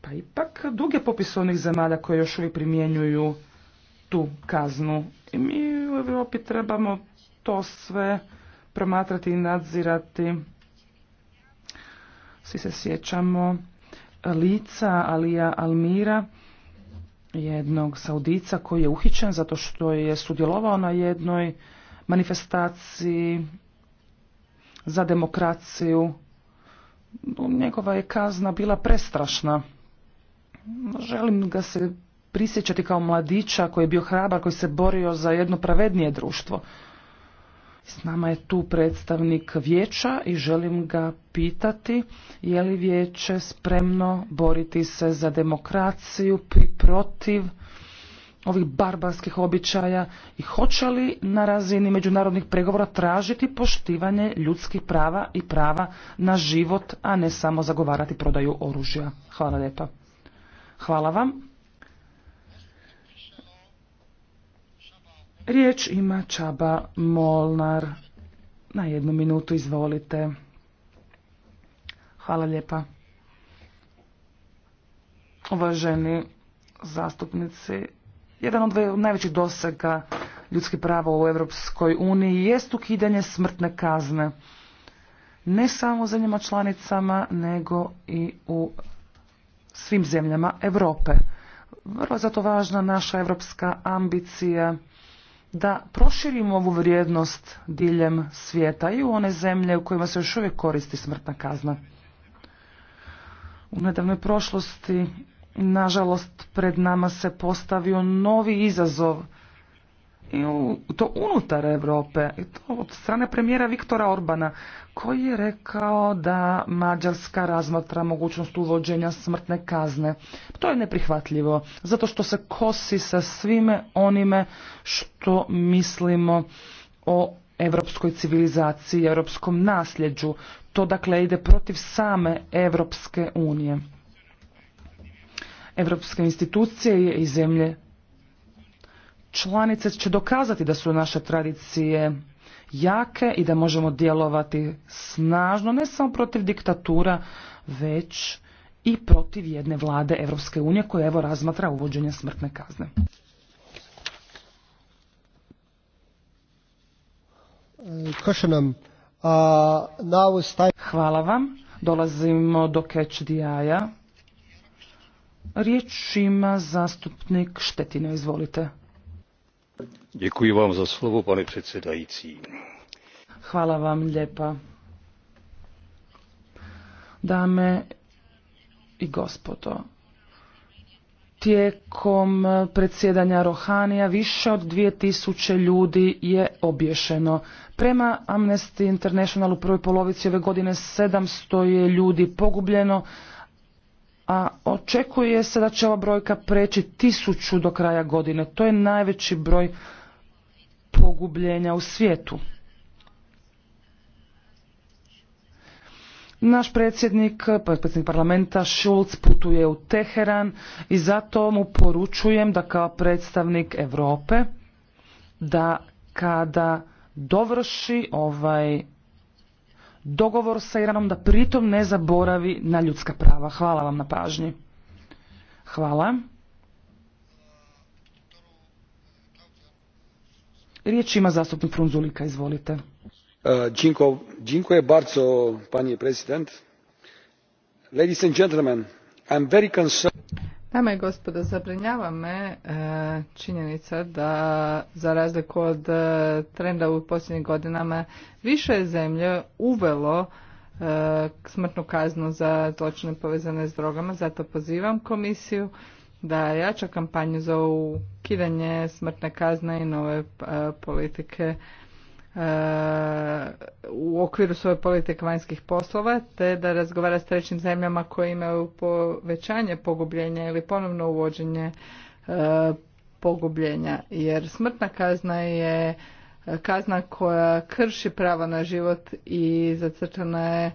Pa ipak, dug je popis onih zemalja koje još uvijek primjenjuju tu kaznu. I mi u Europi trebamo to sve promatrati i nadzirati. Svi se sjećamo lica Alija Almira, jednog Saudica koji je uhićen zato što je sudjelovao na jednoj manifestaciji za demokraciju. Njegova je kazna bila prestrašna. Želim ga se prisjećati kao mladića koji je bio hrabar, koji se borio za jedno pravednije društvo. S nama je tu predstavnik vijeća i želim ga pitati je li vijeće spremno boriti se za demokraciju pri protiv ovih barbarskih običaja i hoće li na razini međunarodnih pregovora tražiti poštivanje ljudskih prava i prava na život, a ne samo zagovarati prodaju oružja. Hvala lijepa. Hvala vam. Riječ ima Čaba Molnar. Na jednu minutu izvolite. Hvala lijepa. Uvaženi zastupnici, jedan od najvećih dosega ljudskih prava u Europskoj uniji jest ukidanje smrtne kazne. Ne samo u zemljama članicama, nego i u svim zemljama Europe. Vrlo je zato važna naša europska ambicija da proširimo ovu vrijednost diljem svijeta i u one zemlje u kojima se još uvijek koristi smrtna kazna. U nedavnoj prošlosti, nažalost, pred nama se postavio novi izazov to unutar Europe i to od strane premijera Viktora Orbana koji je rekao da Mađarska razmatra mogućnost uvođenja smrtne kazne. To je neprihvatljivo zato što se kosi sa svime onime što mislimo o europskoj civilizaciji, europskom nasljeđu. To dakle ide protiv same Evropske unije. Europske institucije i zemlje članice će dokazati da su naše tradicije jake i da možemo djelovati snažno ne samo protiv diktatura, već i protiv jedne vlade Europske unije koja evo razmatra uvođenje smrtne kazne. Hvala vam. Dolazimo do catch the Riječ ima zastupnik Štetino, izvolite. Hvala Dame i gospodo, tijekom predsjedanja Rohanija više od 2000 ljudi je obješeno. Prema Amnesty International u prvoj polovici ove godine 700 je ljudi pogubljeno, a očekuje se da će ova brojka preći tisuću do kraja godine. To je najveći broj pogubljenja u svijetu. Naš predsjednik, predsjednik parlamenta Schulz putuje u Teheran i zato mu poručujem da kao predstavnik Europe da kada dovrši ovaj dogovor sa Iranom da pritom ne zaboravi na ljudska prava. Hvala vam na pažnji. Hvala. Riječ ima zastupnik Frunzulika, izvolite. Dziękuję e, bardzo, panie Ladies and gentlemen, I'm very concerned Dame i gospodo, zabrinjava me e, činjenica da za razliku od e, trenda u posljednjim godinama više je zemlje uvelo e, smrtnu kaznu za točne povezane s drogama, zato pozivam komisiju da jača kampanju za ukidanje smrtne kazne i nove politike u okviru svoje politike vanjskih poslova te da razgovara s trećim zemljama koje imaju povećanje pogubljenja ili ponovno uvođenje e, pogubljenja jer smrtna kazna je kazna koja krši pravo na život i zacrtana je e,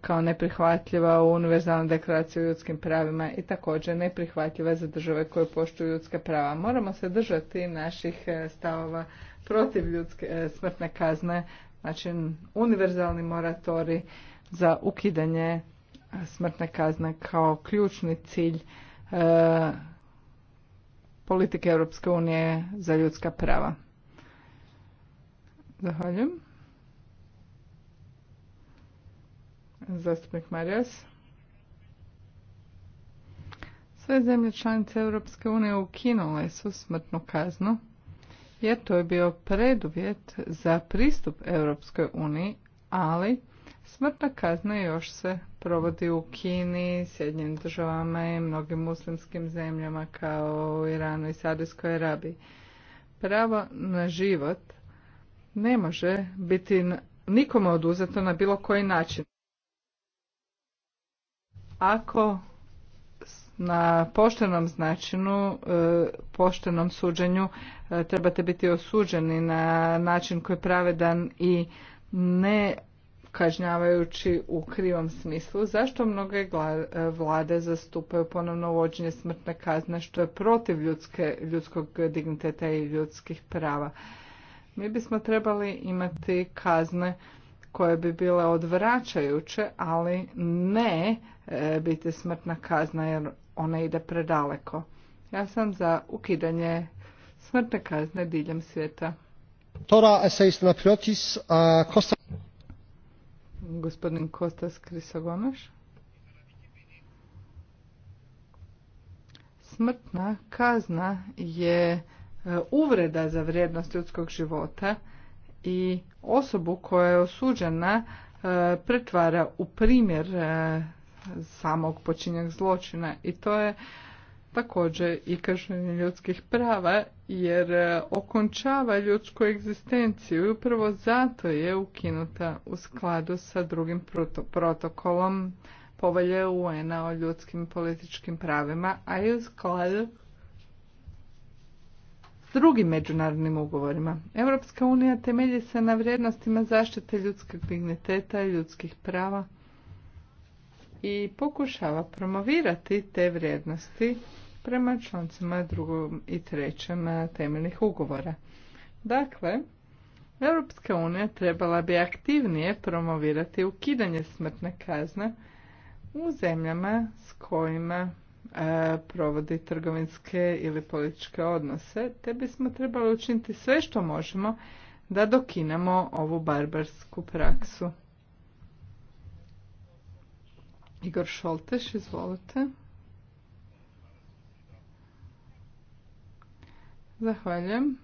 kao neprihvatljiva u Univerzalnom deklaraciju o ljudskim pravima i također neprihvatljiva za države koje poštuju ljudska prava. Moramo se držati naših e, stavova protiv ljudske e, smrtne kazne, znači univerzalni moratori za ukidanje e, smrtne kazne kao ključni cilj e, politike Europske unije za ljudska prava. Zahvaljujem. Zastupnik Marijas. Sve zemlje članice Europske unije ukinule su smrtnu kaznu jer to je bio preduvjet za pristup Europskoj uniji, ali smrtna kazna još se provodi u Kini, Sjedinjenim državama i mnogim muslimskim zemljama kao u Iranu i Sadijskoj Arabiji. Pravo na život ne može biti nikome oduzeto na bilo koji način. Ako na poštenom značinu, e, poštenom suđenju e, trebate biti osuđeni na način koji je pravedan i ne kažnjavajući u krivom smislu. Zašto mnoge e, vlade zastupaju ponovno uvođenje smrtne kazne što je protiv ljudske, ljudskog digniteta i ljudskih prava? Mi bismo trebali imati kazne koje bi bile odvraćajuće, ali ne biti smrtna kazna jer ona ide predaleko. Ja sam za ukidanje smrtne kazne diljem svijeta. Tora eseist na a Gospodin Kostas Smrtna kazna je e, uvreda za vrijednost ljudskog života i osobu koja je osuđena e, pretvara u primjer e, samog počinjenog zločina i to je također i kršenje ljudskih prava jer e, okončava ljudsku egzistenciju i upravo zato je ukinuta u skladu sa drugim protokolom povelje UN-a o ljudskim političkim pravima, a i u skladu s drugim međunarodnim ugovorima. Europska unija temelji se na vrijednostima zaštite ljudskog digniteta i ljudskih prava, i pokušava promovirati te vrijednosti prema člancima drugom i trećem temeljnih ugovora. Dakle, Europska unija trebala bi aktivnije promovirati ukidanje smrtne kazne u zemljama s kojima provodi trgovinske ili političke odnose, te bismo trebali učiniti sve što možemo da dokinemo ovu barbarsku praksu. Igor Šolteš, izvolite. Zahvaljujem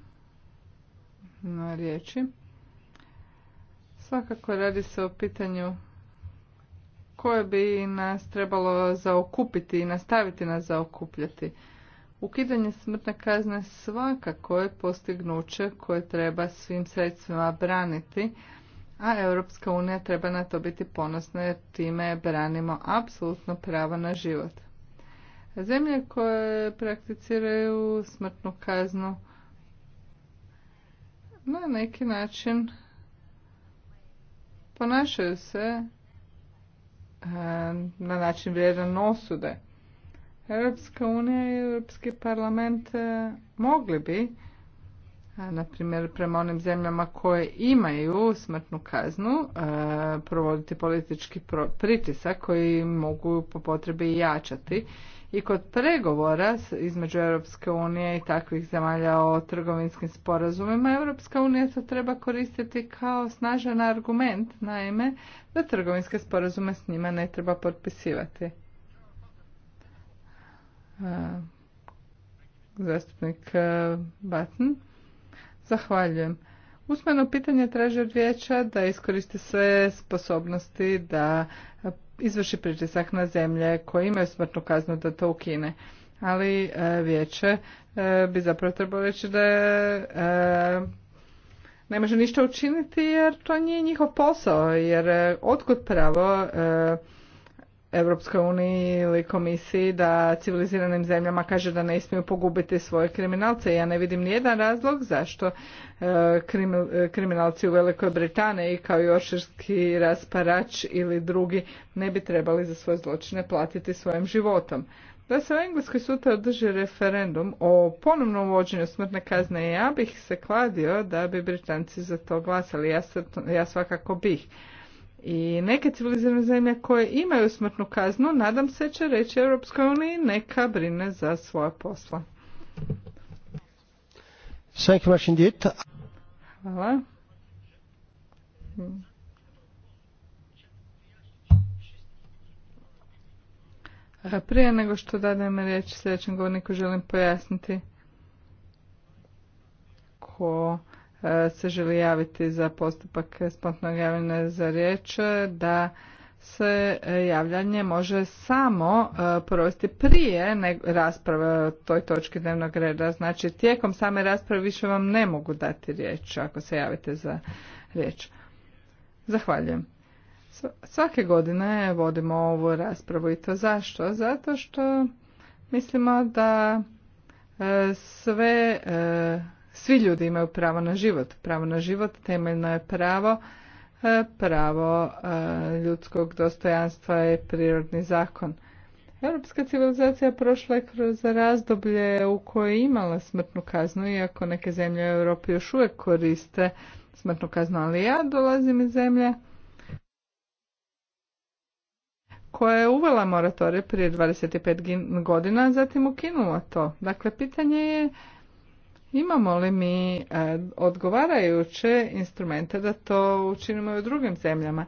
na riječi. Svakako radi se o pitanju koje bi nas trebalo zaokupiti i nastaviti nas zaokupljati. Ukidanje smrtne kazne svakako je postignuće koje treba svim sredstvima braniti a Europska unija treba na to biti ponosna jer time branimo apsolutno pravo na život. Zemlje koje prakticiraju smrtnu kaznu na neki način ponašaju se eh, na način vrijedan osude. Europska unija i Europski parlament eh, mogli bi na primjer prema onim zemljama koje imaju smrtnu kaznu e, provoditi politički pritisak koji mogu po potrebi jačati i kod pregovora između Europske unije i takvih zemalja o trgovinskim sporazumima Europska unija se treba koristiti kao snažan argument naime da trgovinske sporazume s njima ne treba potpisivati. E, zastupnik e, Batn. Zahvaljujem. Usmeno pitanje traži od vijeća da iskoristi sve sposobnosti da izvrši pritisak na zemlje koje imaju smrtnu kaznu da to ukine. Ali e, vijeće e, bi zapravo trebalo reći da e, ne može ništa učiniti jer to nije njihov posao jer otkud pravo Europskoj uniji ili komisiji da civiliziranim zemljama kaže da ne smiju pogubiti svoje kriminalce. Ja ne vidim nijedan razlog zašto e, e, kriminalci u Velikoj Britaniji kao i oširski rasparač ili drugi ne bi trebali za svoje zločine platiti svojim životom. Da se u Engleskoj sutra održi referendum o ponovnom uvođenju smrtne kazne, ja bih se kladio da bi Britanci za to glasali. ja svakako bih. I neke civilizirane zemlje koje imaju smrtnu kaznu, nadam se će reći Europskoj uniji neka brine za svoja posla. Hvala. Prije nego što dadem riječ sljedećem govorniku želim pojasniti ko E, se želi javiti za postupak spontanog javljanja za riječ da se e, javljanje može samo e, provesti prije rasprave o toj točki dnevnog reda. Znači tijekom same rasprave više vam ne mogu dati riječ ako se javite za riječ. Zahvaljujem. Svake godine vodimo ovu raspravu i to zašto? Zato što mislimo da sve svi ljudi imaju pravo na život. Pravo na život temeljno je pravo. E, pravo e, ljudskog dostojanstva je prirodni zakon. Europska civilizacija prošla je kroz razdoblje u kojoj je imala smrtnu kaznu, iako neke zemlje u Europi još uvijek koriste smrtnu kaznu, ali ja dolazim iz zemlje koja je uvela moratorij prije 25 godina, a zatim ukinula to. Dakle, pitanje je Imamo li mi e, odgovarajuće instrumente da to učinimo i u drugim zemljama?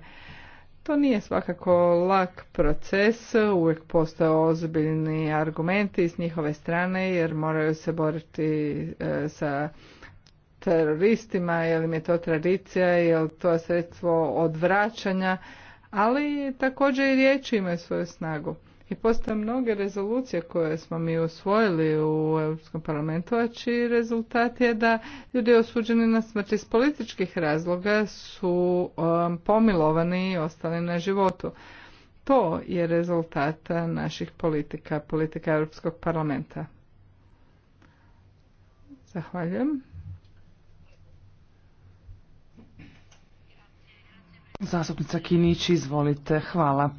To nije svakako lak proces, uvijek postoje ozbiljni argumenti s njihove strane jer moraju se boriti e, sa teroristima, jer im je to tradicija, jer to sredstvo odvraćanja, ali također i riječi imaju svoju snagu. I postoje mnoge rezolucije koje smo mi usvojili u Europskom parlamentu, a čiji rezultat je da ljudi osuđeni na smrt iz političkih razloga su um, pomilovani i ostali na životu. To je rezultat naših politika, politika Europskog parlamenta. Zahvaljujem. Zastupnica Kinić, izvolite. Hvala.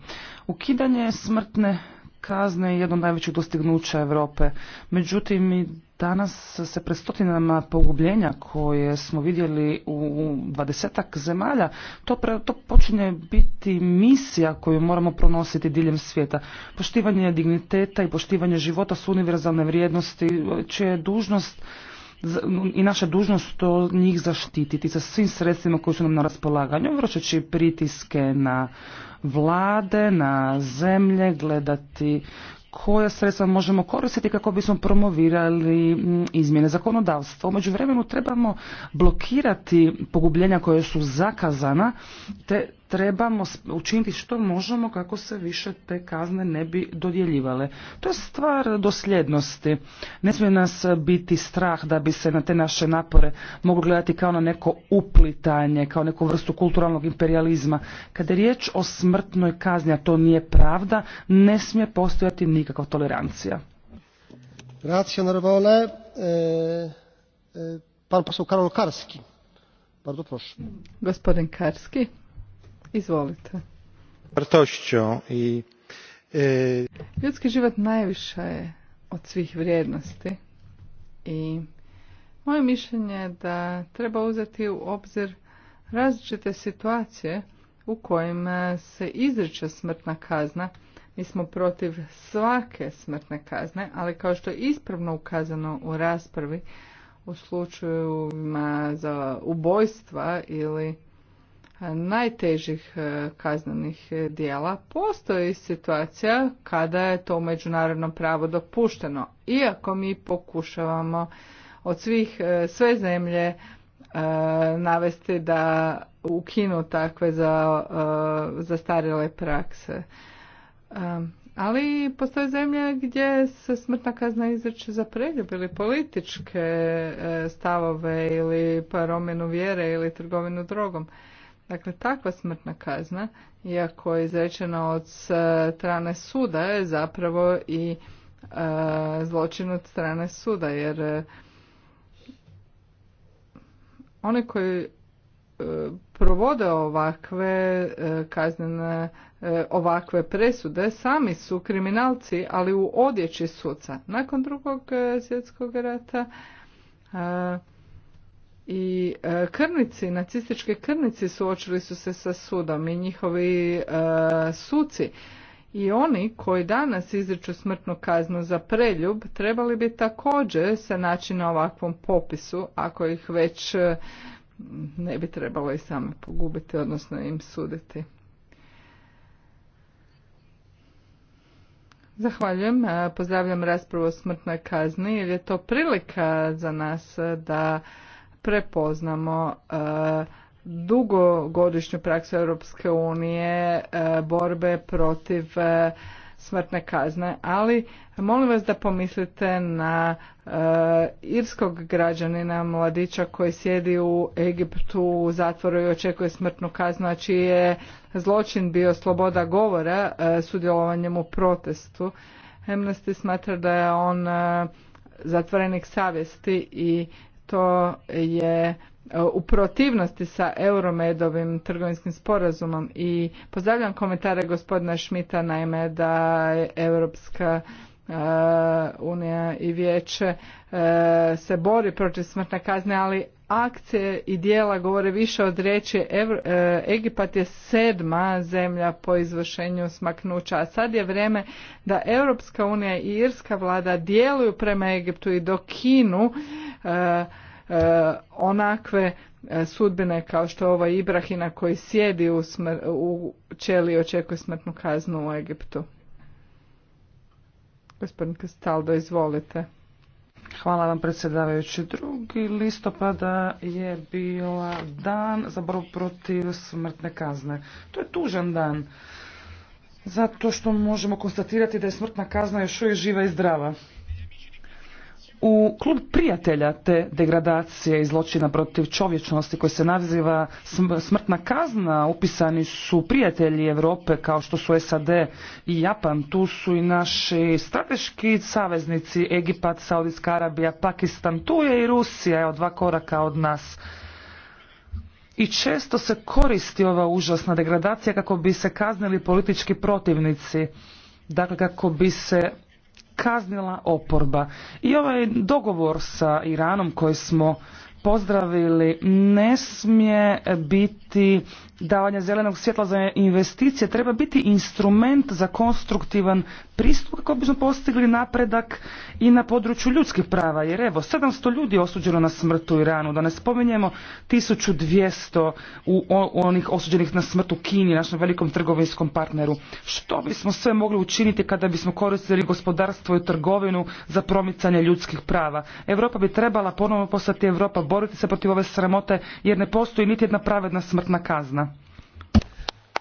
Ukidanje smrtne kazne je jedno najveće dostignuće Europe. Međutim, danas se pred stotinama pogubljenja koje smo vidjeli u dvadesetak zemalja, to, to počinje biti misija koju moramo pronositi diljem svijeta. Poštivanje digniteta i poštivanje života su univerzalne vrijednosti, čija je dužnost i naša dužnost to njih zaštititi sa svim sredstvima koji su nam na raspolaganju, vršeći pritiske na vlade, na zemlje, gledati koja sredstva možemo koristiti kako bismo promovirali mm, izmjene zakonodavstva. Umeđu vremenu trebamo blokirati pogubljenja koje su zakazana te trebamo učiniti što možemo kako se više te kazne ne bi dodjeljivale. To je stvar dosljednosti. Ne smije nas biti strah da bi se na te naše napore moglo gledati kao na neko uplitanje, kao neku vrstu kulturalnog imperializma. Kada je riječ o smrtnoj kazni, a to nije pravda, ne smije postojati nikakva tolerancija. Grazie, onorevole. E, e, pan Karol Karski. Bardzo proszę. Gospodin Karski. Izvolite. i... E, Ljudski život najviše je od svih vrijednosti i moje mišljenje je da treba uzeti u obzir različite situacije u kojima se izriče smrtna kazna. Mi smo protiv svake smrtne kazne, ali kao što je ispravno ukazano u raspravi u slučaju za ubojstva ili najtežih e, kaznenih e, dijela, postoji situacija kada je to u međunarodnom pravu dopušteno. Iako mi pokušavamo od svih e, sve zemlje navesti da ukinu takve za zastarjele prakse. Ali postoje zemlje gdje se smrtna kazna izreče za preljub ili političke stavove ili promjenu vjere ili trgovinu drogom. Dakle, takva smrtna kazna, iako je izrečena od strane suda, je zapravo i e, zločin od strane suda, jer e, oni koji e, provode ovakve kaznene, ovakve presude, sami su kriminalci, ali u odjeći suca. Nakon drugog svjetskog rata i e, krnici, nacistički krnici suočili su se sa sudom i njihovi e, suci. I oni koji danas izriču smrtnu kaznu za preljub trebali bi također se naći na ovakvom popisu ako ih već e, ne bi trebalo i sami pogubiti, odnosno im suditi. Zahvaljujem. Pozdravljam raspravu o smrtnoj kazni jer je to prilika za nas da prepoznamo e, dugogodišnju praksu Europske unije e, borbe protiv e, smrtne kazne, ali molim vas da pomislite na irskog građanina mladića koji sjedi u Egiptu u zatvoru i očekuje smrtnu kaznu, a čiji je zločin bio sloboda govora e, sudjelovanjem u protestu. Amnesty smatra da je on e, zatvorenik savjesti i to je e, u protivnosti sa Euromedovim trgovinskim sporazumom i pozdravljam komentare gospodina Šmita naime da je Europska e, unija i vijeće e, se bori protiv smrtne kazne, ali akcije i dijela govore više od riječi. E, Egipat je sedma zemlja po izvršenju smaknuća, a sad je vrijeme da Europska unija i irska vlada djeluju prema Egiptu i dokinu e, e, onakve sudbine kao što je ovo Ibrahina koji sjedi u, smr čeli i očekuje smrtnu kaznu u Egiptu. Gospodin Kastaldo, izvolite. Hvala vam predsjedavajući. Drugi listopada je bila dan za borbu protiv smrtne kazne. To je tužan dan zato što možemo konstatirati da je smrtna kazna još uvijek živa i zdrava u klub prijatelja te degradacije i zločina protiv čovječnosti koji se naziva smrtna kazna upisani su prijatelji Europe kao što su SAD i Japan, tu su i naši strateški saveznici Egipat, Saudijska Arabija, Pakistan, tu je i Rusija, evo dva koraka od nas. I često se koristi ova užasna degradacija kako bi se kaznili politički protivnici, dakle kako bi se kaznila oporba. I ovaj dogovor sa Iranom koji smo pozdravili ne smije biti davanja zelenog svjetla za investicije treba biti instrument za konstruktivan pristup kako bismo postigli napredak i na području ljudskih prava. Jer evo, 700 ljudi je osuđeno na smrt u Iranu, da ne spominjemo 1200 u onih osuđenih na smrt u Kini, našem velikom trgovinskom partneru. Što bismo sve mogli učiniti kada bismo koristili gospodarstvo i trgovinu za promicanje ljudskih prava? Europa bi trebala ponovno postati Europa, boriti se protiv ove sramote jer ne postoji niti jedna pravedna smrtna kazna.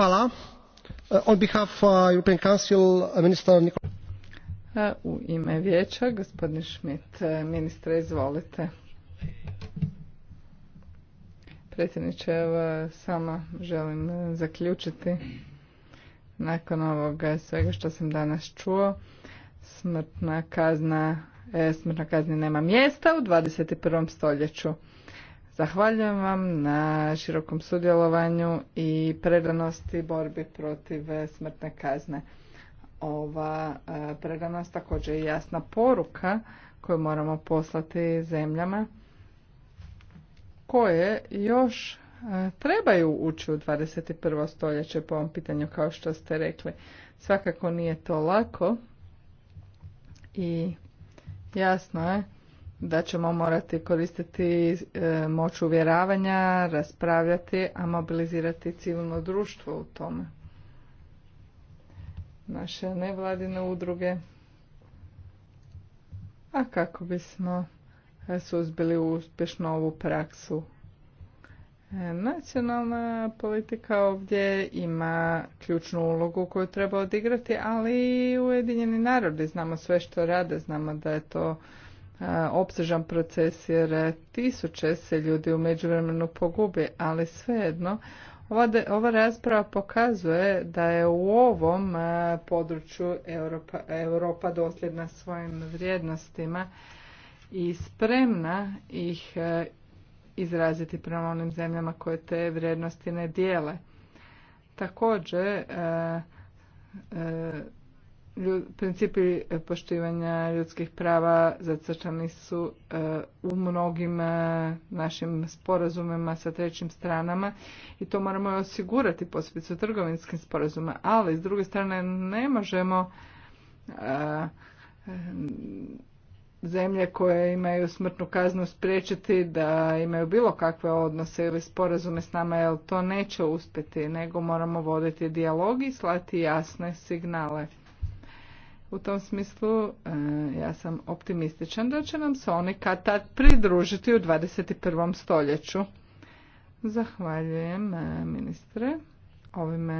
Uh, uh, uh, u ime vijeća, gospodin Schmidt, ministre, izvolite. Predsjedniče, evo, sama želim zaključiti nakon ovoga svega što sam danas čuo. Smrtna kazna, e, kazni nema mjesta u 21. stoljeću. Zahvaljujem vam na širokom sudjelovanju i predanosti borbi protiv e, smrtne kazne. Ova e, predanost također je jasna poruka koju moramo poslati zemljama koje još e, trebaju ući u 21. stoljeće po ovom pitanju kao što ste rekli. Svakako nije to lako i jasno je da ćemo morati koristiti e, moć uvjeravanja, raspravljati, a mobilizirati civilno društvo u tome. Naše nevladine udruge. A kako bismo e, suzbili uspješno ovu praksu? E, nacionalna politika ovdje ima ključnu ulogu koju treba odigrati, ali i Ujedinjeni narodi. Znamo sve što rade, znamo da je to E, opsežan proces jer e, tisuće se ljudi u međuvremenu pogubi, ali svejedno ova, ova rasprava pokazuje da je u ovom e, području Europa, Europa dosljedna svojim vrijednostima i spremna ih izraziti prema onim zemljama koje te vrijednosti ne dijele. Također, principi e, poštivanja ljudskih prava zacrtani su e, u mnogim e, našim sporazumima sa trećim stranama i to moramo osigurati posebice trgovinskim sporazumima ali s druge strane ne možemo zemlje koje imaju smrtnu kaznu spriječiti da imaju bilo kakve odnose ili sporazume s nama, jer to neće uspjeti, nego moramo voditi dijalog i slati jasne signale. U tom smislu e, ja sam optimističan da će nam se oni kad tad pridružiti u 21. stoljeću. Zahvaljujem e, ministre. Ovime